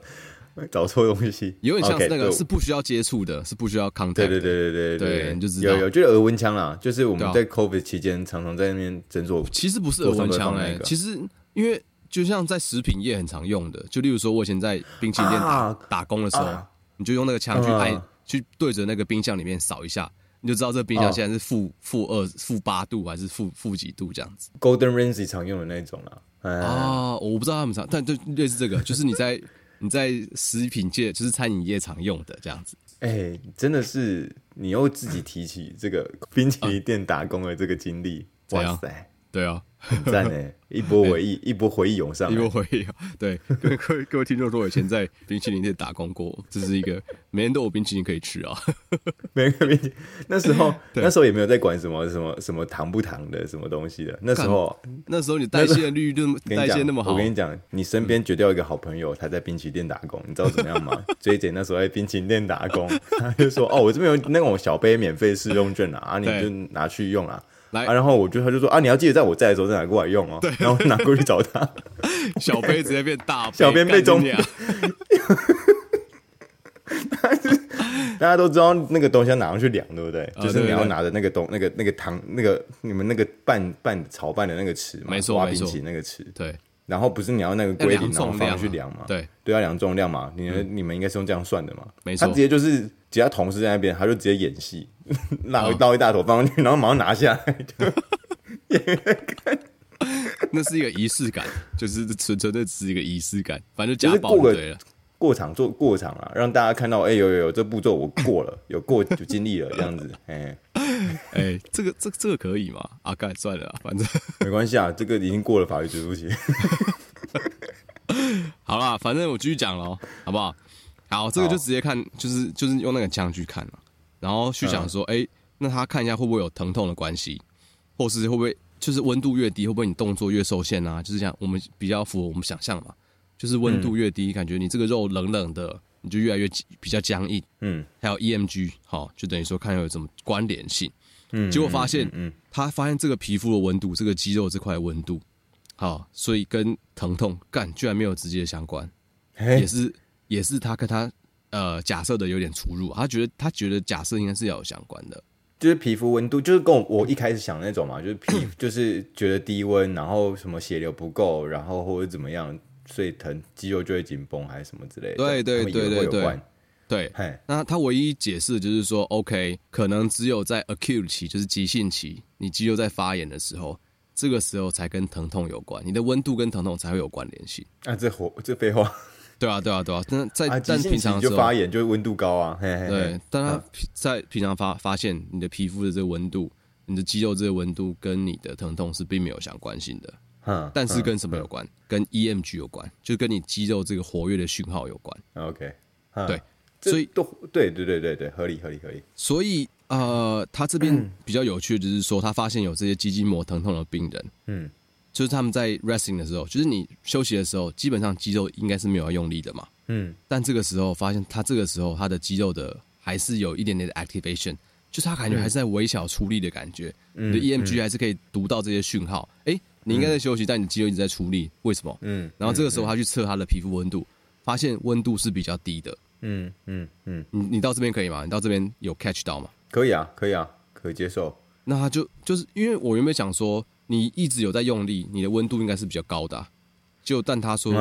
找錯東西。有點像那個是不需要接觸的，是不需要 contact 的。對對對對對對，你就知道有有就是額溫槍啦，就是我們在 COVID 期間常常在那邊偵測。其實不是額溫槍哎，其實因為就像在食品業很常用的，就例如說我以前在冰淇淋店打打工的時候。你就用那個槍去拍，嗯啊、去對着那個冰箱裡面掃一下，你就知道這個冰箱現在是負負二、負八、哦、度，還是負負幾度這樣子。Gordon Ramsay 常用的那一種啦、啊。嗯、啊，我不知道他們常，但對類似這個， *laughs* 就是你在你在食品界，就是餐飲業常用的這樣子。哎、欸，真的是你又自己提起這個冰淇淋店打工的這個經歷，嗯、哇塞！對啊， *laughs* 很讚呢、欸。一波回憶，欸、一波回憶湧上。一波回憶、啊，對，各各位各位聽眾說，我以前在冰淇淋店打工過，這是一個，每天都有冰淇淋可以吃啊， *laughs* 每個冰淇淋。那時候，對那時候也沒有在管什麼什麼什麼糖不糖的什麼東西的。那時候，那時候你代謝率那麼代謝那麼、個、好，我跟你講，你身邊絕對有一個好朋友，嗯、他在冰淇淋店打工，你知道怎麼樣嗎？J 姐 *laughs* 那時候在冰淇淋店打工，他就說：“哦，我這邊有那種小杯免費試用券啊，啊你就拿去用啊。”啊，然後我就他就說啊，你要記得在我在的時候再拿過來用哦。對，然後拿過去找他。小杯直接變大，小杯變中。大家都知道那個東西要拿上去量，對不對？就是你要拿着那個東、那個、那個糖、那個你們那個拌拌炒拌的那個匙嘛，挖冰淇淋那個匙。對。然後不是你要那個歸零，然後放上去量嘛？對。對，要量重量嘛？你你們應該是用這樣算的嘛？沒錯。他直接就是其他同事在那邊，他就直接演戲。拿 *laughs* 一刀一大坨放進去，然後馬上拿下來。那是一個儀式感，就是純純粹是一個儀式感，反正就,暴就,了就是過過場，做過場啊，讓大家看到，哎、欸，呦有,有,有這步驟我過了， *laughs* 有過就盡力了這樣子。哎哎、欸，這個這這個可以嗎啊，幹，算了，反正 *laughs* 沒關係啊，這個已經過了法律追訴期。 *laughs* *laughs* 好啦，反正我繼續講嘍，好不好？好，這個就直接看，好就是就是用那個槍去看了。然後去想說，哎、啊，那他看一下會不會有疼痛的關係，或是會不會就是溫度越低，會不會你動作越受限啊？就是這樣我們比較符合我們想象嘛，就是溫度越低，嗯、感覺你這個肉冷冷的，你就越來越比較僵硬。嗯，還有 EMG，好、哦，就等於說看有什麼關聯性。嗯，結果發現，嗯，嗯嗯他發現這個皮膚的溫度，這個肌肉的這塊的溫度，好、哦，所以跟疼痛幹居然沒有直接的相關，嘿也是也是他跟他，呃，假設的有點出入，他覺得他覺得假設應該是要有相關的，就是皮膚溫度，就是跟我我一開始想的那種嘛，就是皮 *coughs* 就是覺得低溫，然後什麼血流不夠，然後或者怎麼樣，所以疼肌肉就會緊繃還是什麼之類的，對對對對,對對對對，對嘿，那他唯一解釋就是說，OK，可能只有在 acute 期，就是急性期，你肌肉在發炎的時候，這個時候才跟疼痛有關，你的溫度跟疼痛才會有關聯性啊，這胡這廢話。對啊，對啊，對啊！但但平常就發炎，就溫度高啊。嘿嘿嘿對，但他在平常發、嗯、發現，你的皮膚的這個溫度，你的肌肉這個溫度，跟你的疼痛是並沒有相關性的。嗯嗯、但是跟什麼有關？嗯、跟 EMG 有關，就跟你肌肉這個活躍的訊號有關。啊、OK、嗯、對，這所以都對對對對對，合理合理合理。所以呃，他這邊比較有趣的，就是說他發現有這些肌筋膜疼、疼痛的病人，嗯。就是他們在 resting 的時候，就是你休息的時候，基本上肌肉應該是沒有要用力的嘛。嗯。但這個時候發現，他這個時候他的肌肉的還是有一點點的 activation，就是他感覺還是在微小出力的感覺。嗯。對 EMG 還是可以讀到這些訊號。哎、嗯欸，你應該在休息，嗯、但你的肌肉一直在出力，為什麼？嗯。然後這個時候他去測他的皮膚溫度，發現溫度是比較低的。嗯嗯嗯。你、嗯嗯、你到這邊可以嗎？你到這邊有 catch 到嗎？可以啊，可以啊，可以接受。那他就就是因為我原本想說。你一直有在用力，你的溫度應該是比較高的、啊。就但他說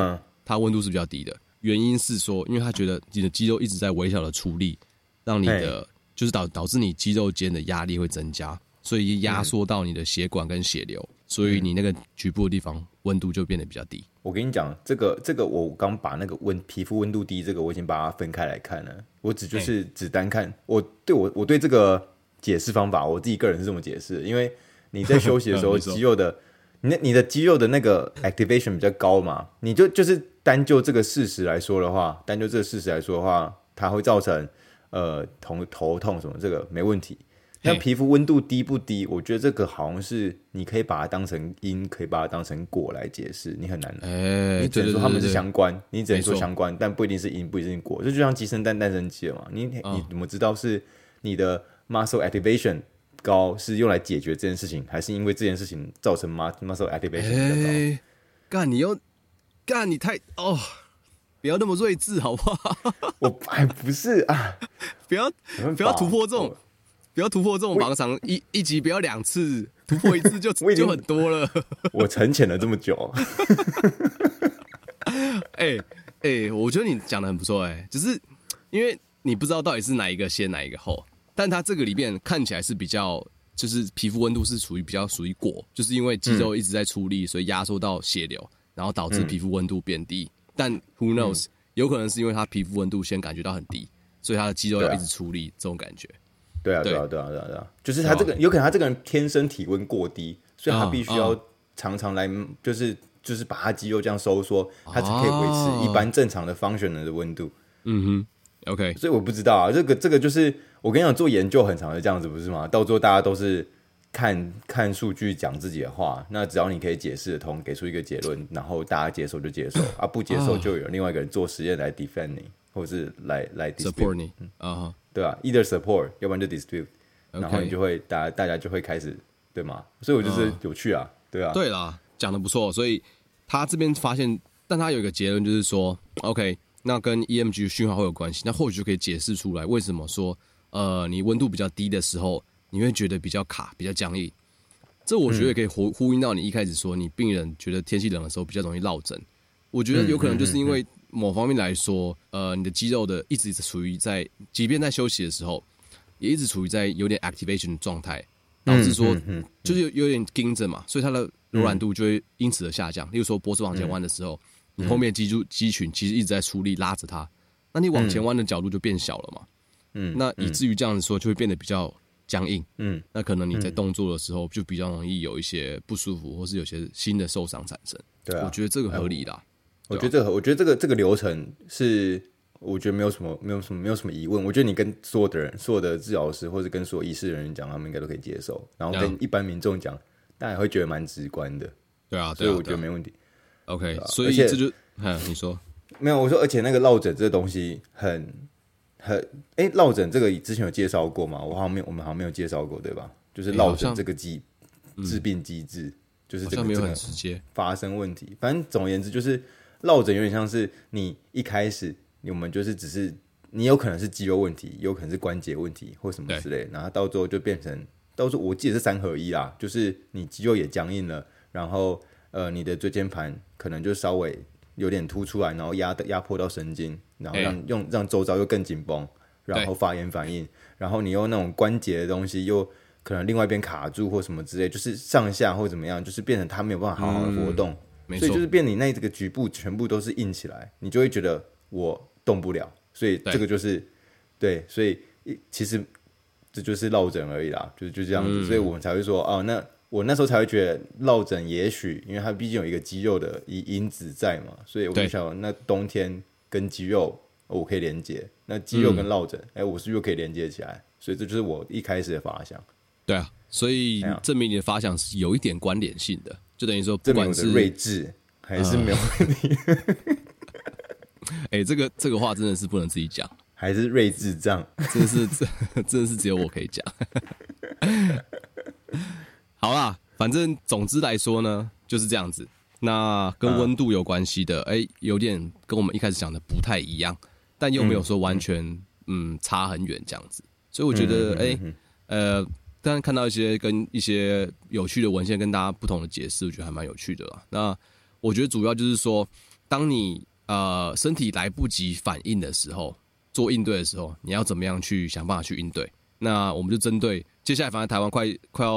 他溫度是比較低的，嗯、原因是說，因為他覺得你的肌肉一直在微小的出力，讓你的、欸、就是導導致你肌肉間的壓力會增加，所以壓縮到你的血管跟血流，嗯、所以你那個局部的地方溫度就變得比較低。我跟你講，這個這個我剛把那個溫皮膚溫度低這個我已經把它分開來看了，我只就是只單看、欸、我對我我對這個解釋方法我自己個人是這麼解釋，因為。你在休息的時候，肌肉的那 *laughs* 錯你的肌肉的那個 activation 比較高嘛？你就就是單就這個事實來說的話，單就這個事實來說的話，它會造成呃頭頭痛什麼？這個沒問題。那皮膚溫度低不低？嘿我覺得這個好像是你可以把它當成因，可以把它當成果來解釋。你很難，難，欸、你只能說它們是相關，對對對對，你只能說相關，錯但不一定是因，不一定是果。這就像雞生蛋，蛋生雞了嘛？你、哦、你怎麼知道是你的 muscle activation？高是用來解決這件事情，還是因為這件事情造成 muscle activation 更高？欸、幹你又幹你太，哦，不要那麼睿智好不好？我哎不是啊，不 *laughs* 要不要突破這種，不、哦、要突破這種廣場也一一集，不要兩次突破一次，就就很多了。我沉潛了這麼久，哎 *laughs* 哎、欸欸，我覺得你講的很不錯哎、欸，只、就是因為你不知道到底是哪一個先哪一個後。但他這個裡面看起來是比較，就是皮膚溫度是屬於比較屬於過，就是因為肌肉一直在出力，嗯、所以壓縮到血流，然後導致皮膚溫度變低。嗯、但 who knows，、嗯、有可能是因為他皮膚溫度先感覺到很低，所以他的肌肉要一直出力，啊、這種感覺對、啊。對啊，對啊，對啊，對啊，對啊，就是他這個、啊、有可能他這個人天生體溫過低，所以他必須要常常來，就是 oh, oh. 就是把他肌肉這樣收縮，他才可以維持一般正常的 functional 的溫度。Oh. 嗯哼，OK，所以我不知道啊，這個這個就是。我跟你講，做研究很常的這樣子，不是嗎？到時候大家都是看看數據，講自己的話。那只要你可以解釋得通，給出一個結論，然後大家接受就接受 *coughs* 啊，不接受就有另外一個人做實驗來 defend 你，或者是來來 support 你，uh huh. 啊，對吧？either support，要不然就 dispute，Okay. 然後你就會，大家大家就會開始，對嗎？所以我就是有趣啊，uh huh. 對啊，對啦，講得不錯。所以他這邊發現，但他有一個結論就是說，OK，那跟 EMG 訊號會有關係，那或許就可以解釋出來為什麼說。呃，你溫度比較低的時候，你會覺得比較卡、比較僵硬。這我覺得也可以呼呼應到你一開始說，你病人覺得天氣冷的時候比較容易落枕。我覺得有可能就是因為某方面來說，呃，你的肌肉的一直處於在，即便在休息的時候，也一直處於在有點 activation 的狀態，導致說、嗯嗯嗯、就是有有點盯着嘛，所以它的柔軟度就會因此的下降。例如說脖子往前彎的時候，你後面脊柱肌群其實一直在出力拉着它，那你往前彎的角度就變小了嘛。嗯，那以至於這樣子說就會變得比較僵硬，嗯，那可能你在動作的時候就比較容易有一些不舒服，或是有些新的受傷產生。對啊，我覺得這個合理啦。我覺得這個，我覺得這個這個流程是，我覺得沒有什麼，沒有什麼，沒有什麼疑問。我覺得你跟所有的人，所有的治療師，或是跟所有醫師人員講，他們應該都可以接受。然後跟一般民眾講，大家會覺得蠻直觀的。對啊，所以我覺得沒問題。OK，所以這就，哎，你說沒有？我說，而且那個落枕這個東西很。很，哎、欸，落枕這個之前有介紹過嗎？我好像沒有，我們好像沒有介紹過，對吧？就是落枕這個機、嗯、致病機制，就是這個發生問題。反正總而言之，就是落枕有點像是你一開始，我們就是只是你有可能是肌肉問題，有可能是關節問題或什麼之類，對然後到最後就變成，到時候我記得是三合一啦，就是你肌肉也僵硬了，然後呃，你的椎間盤可能就稍微有點突出來，然後壓壓迫到神經。然後讓、欸、用讓周遭又更緊繃，然後發炎反應，對然後你用那種關節的東西又可能另外一邊卡住或什麼之類，就是上下或怎麼樣，就是變成他沒有辦法好好的活動，嗯、所以就是變成你那這個局部全部都是硬起來，你就會覺得我動不了，所以這個就是對，對，所以其實這就是落枕而已啦，就就這樣子，嗯、所以我們才會說啊、哦，那我那時候才會覺得落枕也許因為它畢竟有一個肌肉的因因子在嘛，所以我說對那冬天。跟肌肉，我可以連接。那肌肉跟落枕，哎、嗯欸，我是又可以連接起來。所以這就是我一開始的發想。對啊，所以證明你的發想是有一點關聯性的，就等於說，不管是睿智還是沒有問題。哎、嗯 *laughs* 欸，這個這個話真的是不能自己講，還是睿智這樣，真的是，真的是只有我可以講。 *laughs* 好啦，反正總之來說呢，就是這樣子。那跟溫度有關係的，哎、啊欸，有點跟我們一開始講的不太一樣，但又沒有說完全，嗯，嗯，差很遠這樣子。所以我覺得，哎、嗯嗯嗯嗯欸，呃，剛剛看到一些跟一些有趣的文獻跟大家不同的解釋，我覺得還蠻有趣的啦。那我覺得主要就是說，當你呃身體來不及反應的時候，做應對的時候，你要怎麼樣去想辦法去應對？那我們就針對接下來，反正台灣快快要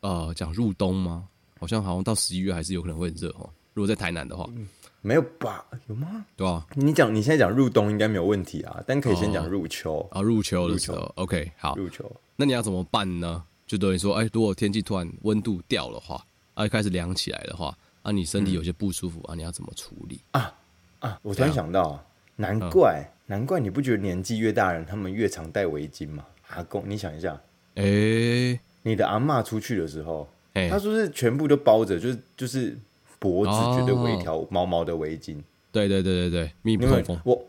呃講入冬嗎？好像好像到十一月還是有可能會很熱哦。如果在台南的話，嗯、沒有吧？有嗎？對啊。你講你現在講入冬應該沒有問題啊，但可以先講入秋啊、哦哦。入秋的時候入秋，OK，好。入秋，那你要怎麼辦呢？就等於說，哎、欸，如果天氣突然溫度掉的話，啊，開始涼起來的話，啊，你身體有些不舒服啊，你要怎麼處理啊？啊，我突然想到，樣難怪、嗯、難怪你不覺得年紀越大人他們越常戴圍巾嗎？阿公，你想一下，哎、欸，你的阿嬤出去的時候。欸、他說是全部都包着，就是就是脖子絕對圍一條毛毛的圍巾。對、哦、對對對對，密不透風。我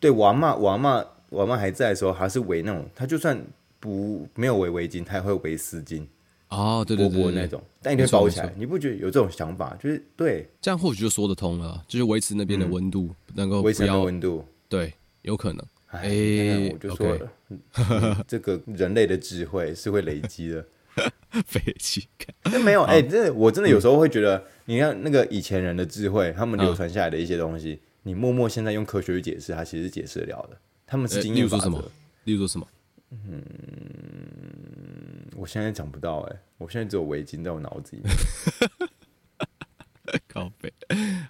對我阿嬤我阿嬤我阿嬤還在的時候，還是圍那種，她就算不沒有圍圍巾，她也會圍絲巾。哦，對對對,對，薄薄那種，但你可以包起來，沒錯沒錯你不覺得有這種想法？就是對，這樣或許就說得通了，就是維持那邊的溫度、嗯、能夠維持要溫度。對，有可能。哎，我就說了，okay 這個人類的智慧是會累積的。 *laughs* *laughs* 飛機？那沒有哎，這好、欸、我真的有時候會覺得，你看那個以前人的智慧，嗯、他們流傳下來的一些東西，啊、你默默現在用科學去解釋，它其實是解釋得了的。他們是經、欸、例如說什麼？例如說什麼？嗯，我現在講不到哎、欸，我現在只有圍巾在我腦子裡面。 *laughs* 靠北，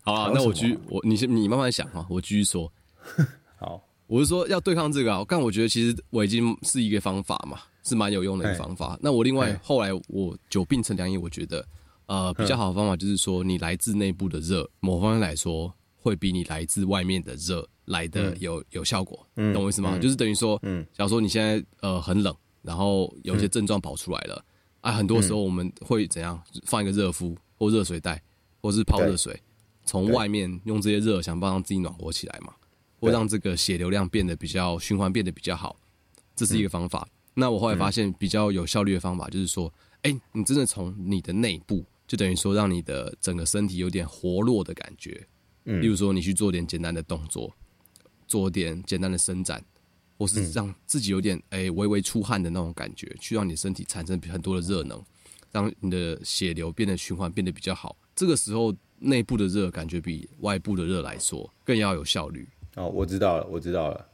好啊，那我繼續，我你先你慢慢想哈、啊，我繼續說。 *laughs* 好，我是說要對抗這個、啊，但我覺得其實圍巾是一個方法嘛。是蠻有用的一個方法。Hey. 那我另外 Hey. 後來我久病成良醫，我覺得呃比較好的方法就是說，你來自內部的熱，嗯、某方面來說，會比你來自外面的熱來的有、嗯、有效果。嗯、懂我意思嗎？嗯、就是等於說，假如說你現在呃很冷，然後有些症狀跑出來了，嗯、啊，很多時候我們會怎樣，放一個熱敷或熱水袋，或是泡熱水，從對外面用這些熱想辦法讓自己暖和起來嘛，會對讓這個血流量變得比較，循環變得比較好，這是一個方法。那我後來發現比較有效率的方法，就是說，哎、嗯欸，你真的從你的內部，就等於說讓你的整個身體有點活絡的感覺。嗯，例如說你去做點簡單的動作，做點簡單的伸展，或是讓自己有點哎、欸、微微出汗的那種感覺，嗯、去讓你身體產生很多的熱能，讓你的血流變得循環變得比較好。這個時候內部的熱感覺比外部的熱來說更要有效率。哦，我知道了，我知道了。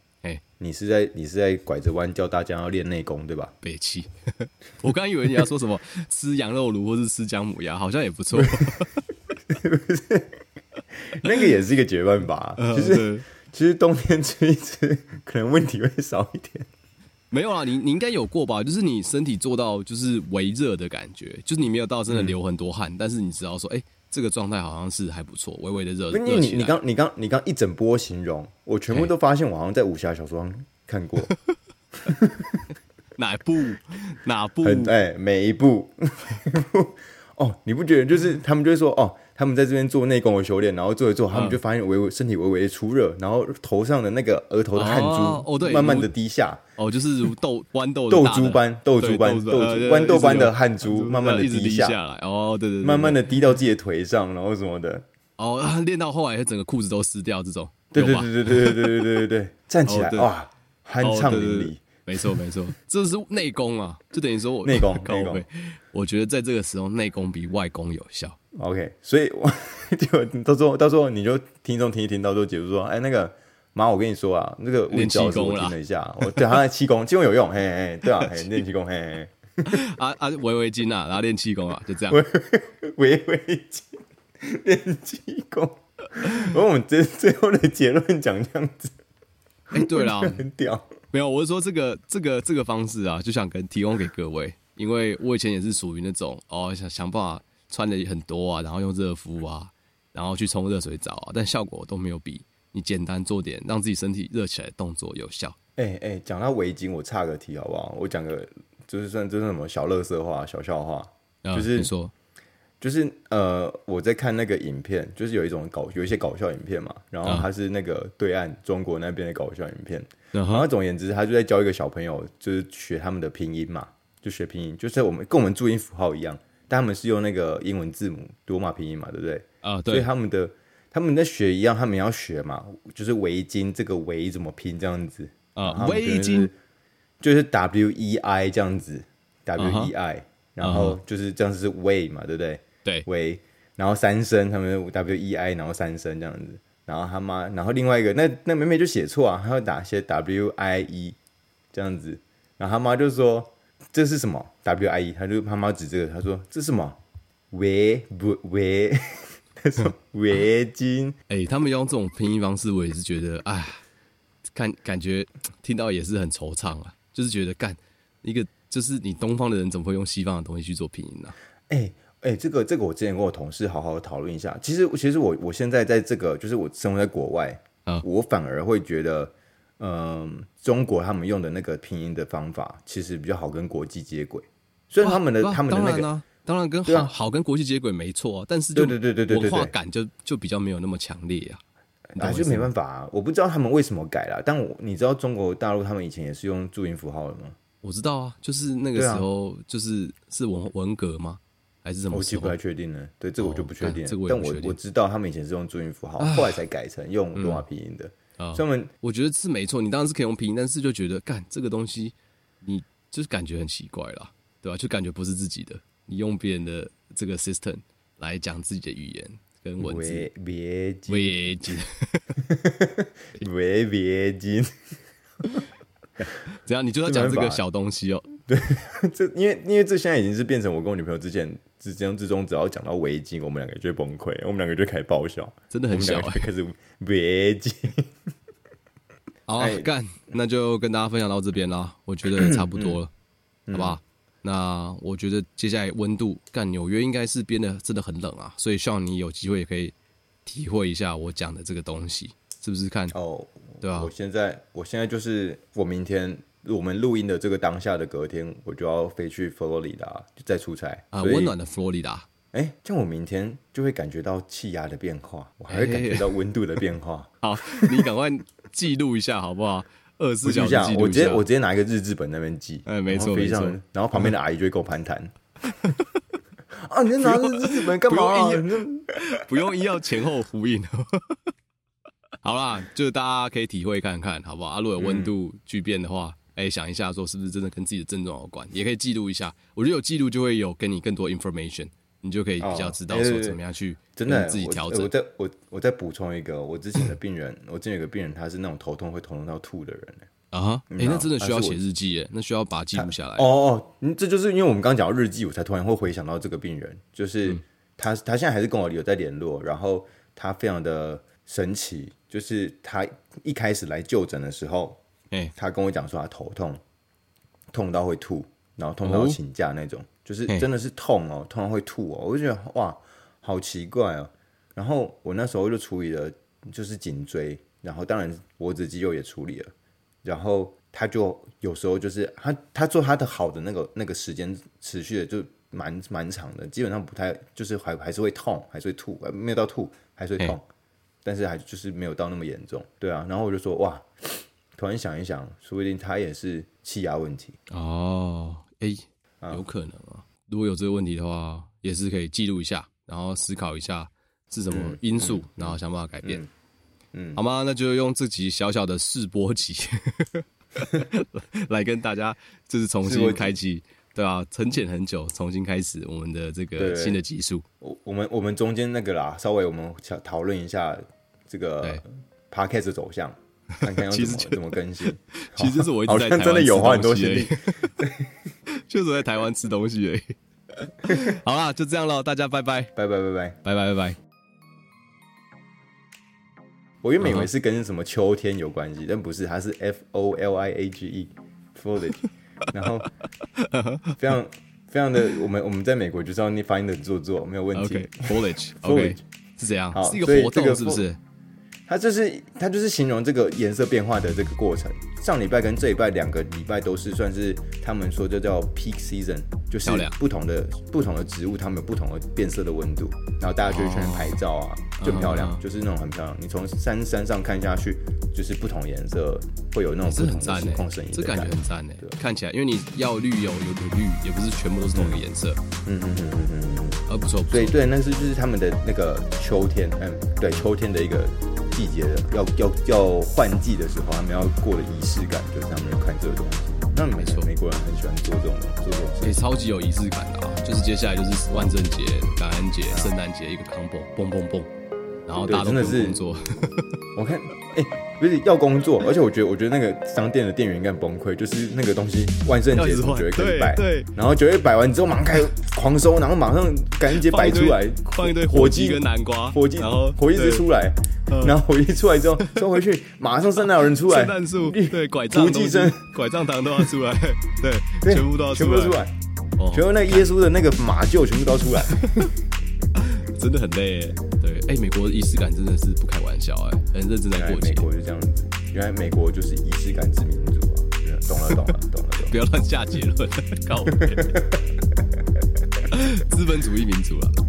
你是在你是在拐着彎教大家要練內功對吧？北七， *laughs* 我剛剛以為你要說什麼 *laughs* 吃羊肉爐或是吃薑母鴨，好像也不錯。不不不，那個也是一個絕辦法。其實其實冬天吃一吃，可能問題會少一點。沒有啊，你你應該有過吧？就是你身體做到就是微熱的感覺，就是你沒有到真的流很多汗，嗯、但是你知道說，哎、欸。這個狀態好像是還不錯，微微的熱，因為你起來你你剛你剛你剛一整波形容，我全部都發現我好像在武俠小說上看過， *laughs* *laughs* 哪部哪部？哎、欸，每一部。哦，你不覺得就是他們就會說、嗯、哦。他們在這邊做內功的修煉，然後做一做，他們就發現微微身體微微的出熱，然後頭上的那個額頭的汗珠慢慢的滴下哦，就是如豆豌豆豆珠般豆珠般豆豌豆般的汗珠，慢慢的滴下來哦，對對，慢慢的滴到自己的腿上，然後什麼的哦，練到後來整個褲子都濕掉，這種對對對對對對對對對，站起來哇，酣暢淋漓，沒錯沒錯，這是內功啊，就等於說我內功可以，我覺得在這個時候內功比外功有效。OK，所以我就到時候到時候你就聽眾聽一聽到時候，解說說，哎、欸，那個媽，我跟你說啊，那個練氣功啦了，等一下、啊， *laughs* 我對他練氣功，氣功有用，嘿，嘿，對啊，氣嘿，嘿，練氣功，嘿，嘿，啊啊，圍圍巾啊，然後練氣功啊，就這樣，圍圍巾，練氣功，不過我們最最後的結論講這樣子，哎，對啦，很屌，沒有，我是說這個這個這個方式啊，就想跟提供給各位，因為我以前也是屬於那種哦，想想辦法。穿的也很多啊，然後用熱敷啊，然後去沖熱水澡，啊，但效果都沒有比你簡單做點讓自己身體熱起來動作有效。哎哎、欸欸，講到圍巾，我岔個題好不好？我講個就是算就是什麼小垃圾話、小笑話，嗯、就是說就是呃，我在看那個影片，就是有一種搞有一些搞笑影片嘛，然後它是那個對岸中國那邊的搞笑影片，嗯、哼然後總而言之，他就在教一個小朋友就是學他們的拼音嘛，就學拼音，就是我們跟我們注音符號一樣。但他們是用那個英文字母羅馬拼音嘛，對不對？啊，oh, 對。所以他們的他們在學一樣，他們要學嘛，就是圍巾這個圍怎麼拼這樣子啊？圍，oh, 就是、巾就是 W E I 這樣子，W E I，、uh、huh, 然後就是這樣子是 way 嘛，對不對？對圍然後三聲，他們 W E I，然後三聲這樣子，然後他媽，然後另外一個，那那妹妹就寫錯啊，她要打些 W I E 這樣子，然後他媽就說。這是什麼？W I E，他就他媽指這個，他說：“這是什麼圍圍圍巾？”哎、嗯，欸，他們用這種拼音方式，我也是覺得，哎，看，感覺聽到也是很惆悵啊，就是覺得幹一個，就是你東方的人怎麼會用西方的東西去做拼音呢、啊？哎哎、欸欸，這個這個，我之前跟我同事好好的討論一下，其實其實我我現在在這個，就是我生活在國外啊，嗯、我反而會覺得。嗯，中國他們用的那個拼音的方法，其實比較好跟國際接軌。雖然他們的他們的那個，當然跟對啊，好跟國際接軌沒錯，但是對對對對對，文化感就就比較沒有那麼強烈啊。那就沒辦法啊，我不知道他們為什麼改了。但我你知道中國大陸他們以前也是用注音符號的嗎？我知道啊，就是那個時候，就是是文文革嗎？還是什麼？我記不太確定呢，對，這我就不確定。但我我知道他們以前是用注音符號，後來才改成用動畫拼音的。啊，uh, So 我覺得是沒錯。你當然是可以用拼音，但是就覺得，幹這個東西，你就是感覺很奇怪啦，對吧？就感覺不是自己的，你用別人的這個 system 來講自己的語言跟文字，喂別金，喂別金，怎 *laughs* 樣 *laughs* *laughs* 你就要講這個小東西哦。對，這因為因為這現在已經是變成我跟我女朋友之間之間之中，只要講到圍巾，我們兩個就崩潰，我們兩個就開始爆笑，真的很小啊、欸。開始圍巾， *laughs* 好、哎、幹，那就跟大家分享到這邊啦，我覺得差不多了，好不好？那我覺得接下來溫度干紐約應該是變得真的很冷啊，所以希望你有機會也可以體會一下我講的這個東西，是不是看？哦，對啊，我現在我現在就是我明天。我們錄音的這個當下的隔天，我就要飛去佛羅里達，就再出差啊，溫暖的佛羅里達。哎，像我明天就會感覺到氣壓的變化，我還會感覺到溫度的變化。好，你趕快記錄一下好不好？二十四小時，我直接我直接拿一個日志本那邊記。哎，沒錯，沒錯。然後旁邊的阿姨就會跟我攀談。啊，你在拿日志本幹嘛？不用，不用，前後呼應。好啦，就是大家可以體會看看，好不好？如果有溫度劇變的話。哎，想一下，說是不是真的跟自己的症狀有關？也可以記錄一下。我覺得有記錄就會有跟你更多 information，你就可以比較知道說怎麼樣去真的自己調整。哦欸欸欸欸、我再我我再補充一個，我之前的病人， *coughs* 我之前有個病人，他是那種頭痛會頭痛到吐的人。哎、uh huh,，那真的需要寫日記耶？那需要把它記錄下來。哦哦，這就是因為我們剛剛講到日記，我才突然會回想到這個病人，就是他、嗯、他現在還是跟我有在聯絡，然後他非常的神奇，就是他一開始來就診的時候。他跟我講說他頭痛，痛到會吐，然後痛到請假那種，哦、就是真的是痛哦，痛到會吐哦，我就覺得哇，好奇怪哦。然後我那時候就處理了，就是頸椎，然後當然脖子肌肉也處理了。然後他就有時候就是他他做他的好的那個那個時間持續的就蠻蠻長的，基本上不太就是還還是會痛，還是會吐，沒有到吐還是會痛，哎、但是還就是沒有到那麼嚴重，對啊。然後我就說哇。突然想一想，說不定他也是氣壓問題哦，哎、欸、啊、有可能啊。如果有這個問題的話，也是可以記錄一下，然後思考一下是什麼因素，嗯、然後想辦法改變，嗯，嗯好嗎？那就用這集小小的試播集 *laughs* *laughs* 來跟大家就是重新開啟，對啊，沉潛很久，重新開始我們的這個新的集數。我我們我們中間那個啦，稍微我們討討論一下這個 podcast 的走向。看看要怎麼更新， *laughs* 其實是我一直在台灣真的有花很多哎，就是在台灣吃東西而、欸、已。 *laughs* 欸、 *laughs* 好啦，就這樣了，大家拜拜，拜拜拜拜拜拜拜拜。Bye bye bye bye。我原本以為是跟什麼秋天有關係，uh huh. 但不是，它是 foliage，foliage， *laughs* 然後非常非常的，我們我們在美國就知道你發音的做作沒有問題、okay.，foliage，foliage Okay. Okay. 是怎樣，好，是一個活動是不是？它就是它就是形容這個顏色變化的這個過程。上禮拜跟這禮拜兩個禮拜都是算是他們說就叫 peak season，亮就是不同的不同的植物，它們有不同的變色的溫度，然後大家就會去拍照啊，哦、就很漂亮，啊啊啊就是那種很漂亮。你從山山上看下去，就是不同顏色會有那種不同的情況聲音，這感覺很讚誒、欸。對看起來，因為你要綠有有點綠，也不是全部都是同一個顏色。嗯嗯嗯嗯嗯嗯，還、啊、不錯。不不對對，那是就是他們的那個秋天，嗯，對，秋天的一個。季節的要要要換季的時候，他們要過的儀式感，就是他們要看這個東西。那沒錯，美國人很喜歡做這種東西，也、欸、超級有儀式感的啊。就是接下來就是萬聖節、感恩節、聖誕節一個 combo，蹦蹦蹦。然後真的是工作，我看哎，不是要工作，而且我覺得，我覺得那個商店的店員應該崩潰，就是那個東西，萬聖節的時候覺得可以擺，對，然後覺得擺完之後，馬上開始狂收，然後馬上趕緊節擺出來，放一堆火雞、南瓜、火雞，然後火雞出來，然後火雞出來之後收回去，馬上聖誕老人出來，聖誕樹，對，拐杖、胡姬參、拐杖糖都要出來，對，全部都要全部出來，全部那耶穌的那個馬廄全部都出來。真的很累，對，哎、欸，美國的儀式感真的是不開玩笑，哎，很認真在過節。美國就這樣子，原來美國就是儀式感之民主啊，懂了懂了懂了，懂了， *laughs* 不要亂下結論，搞 *laughs* 告別，資 *laughs* 本主義民主啊。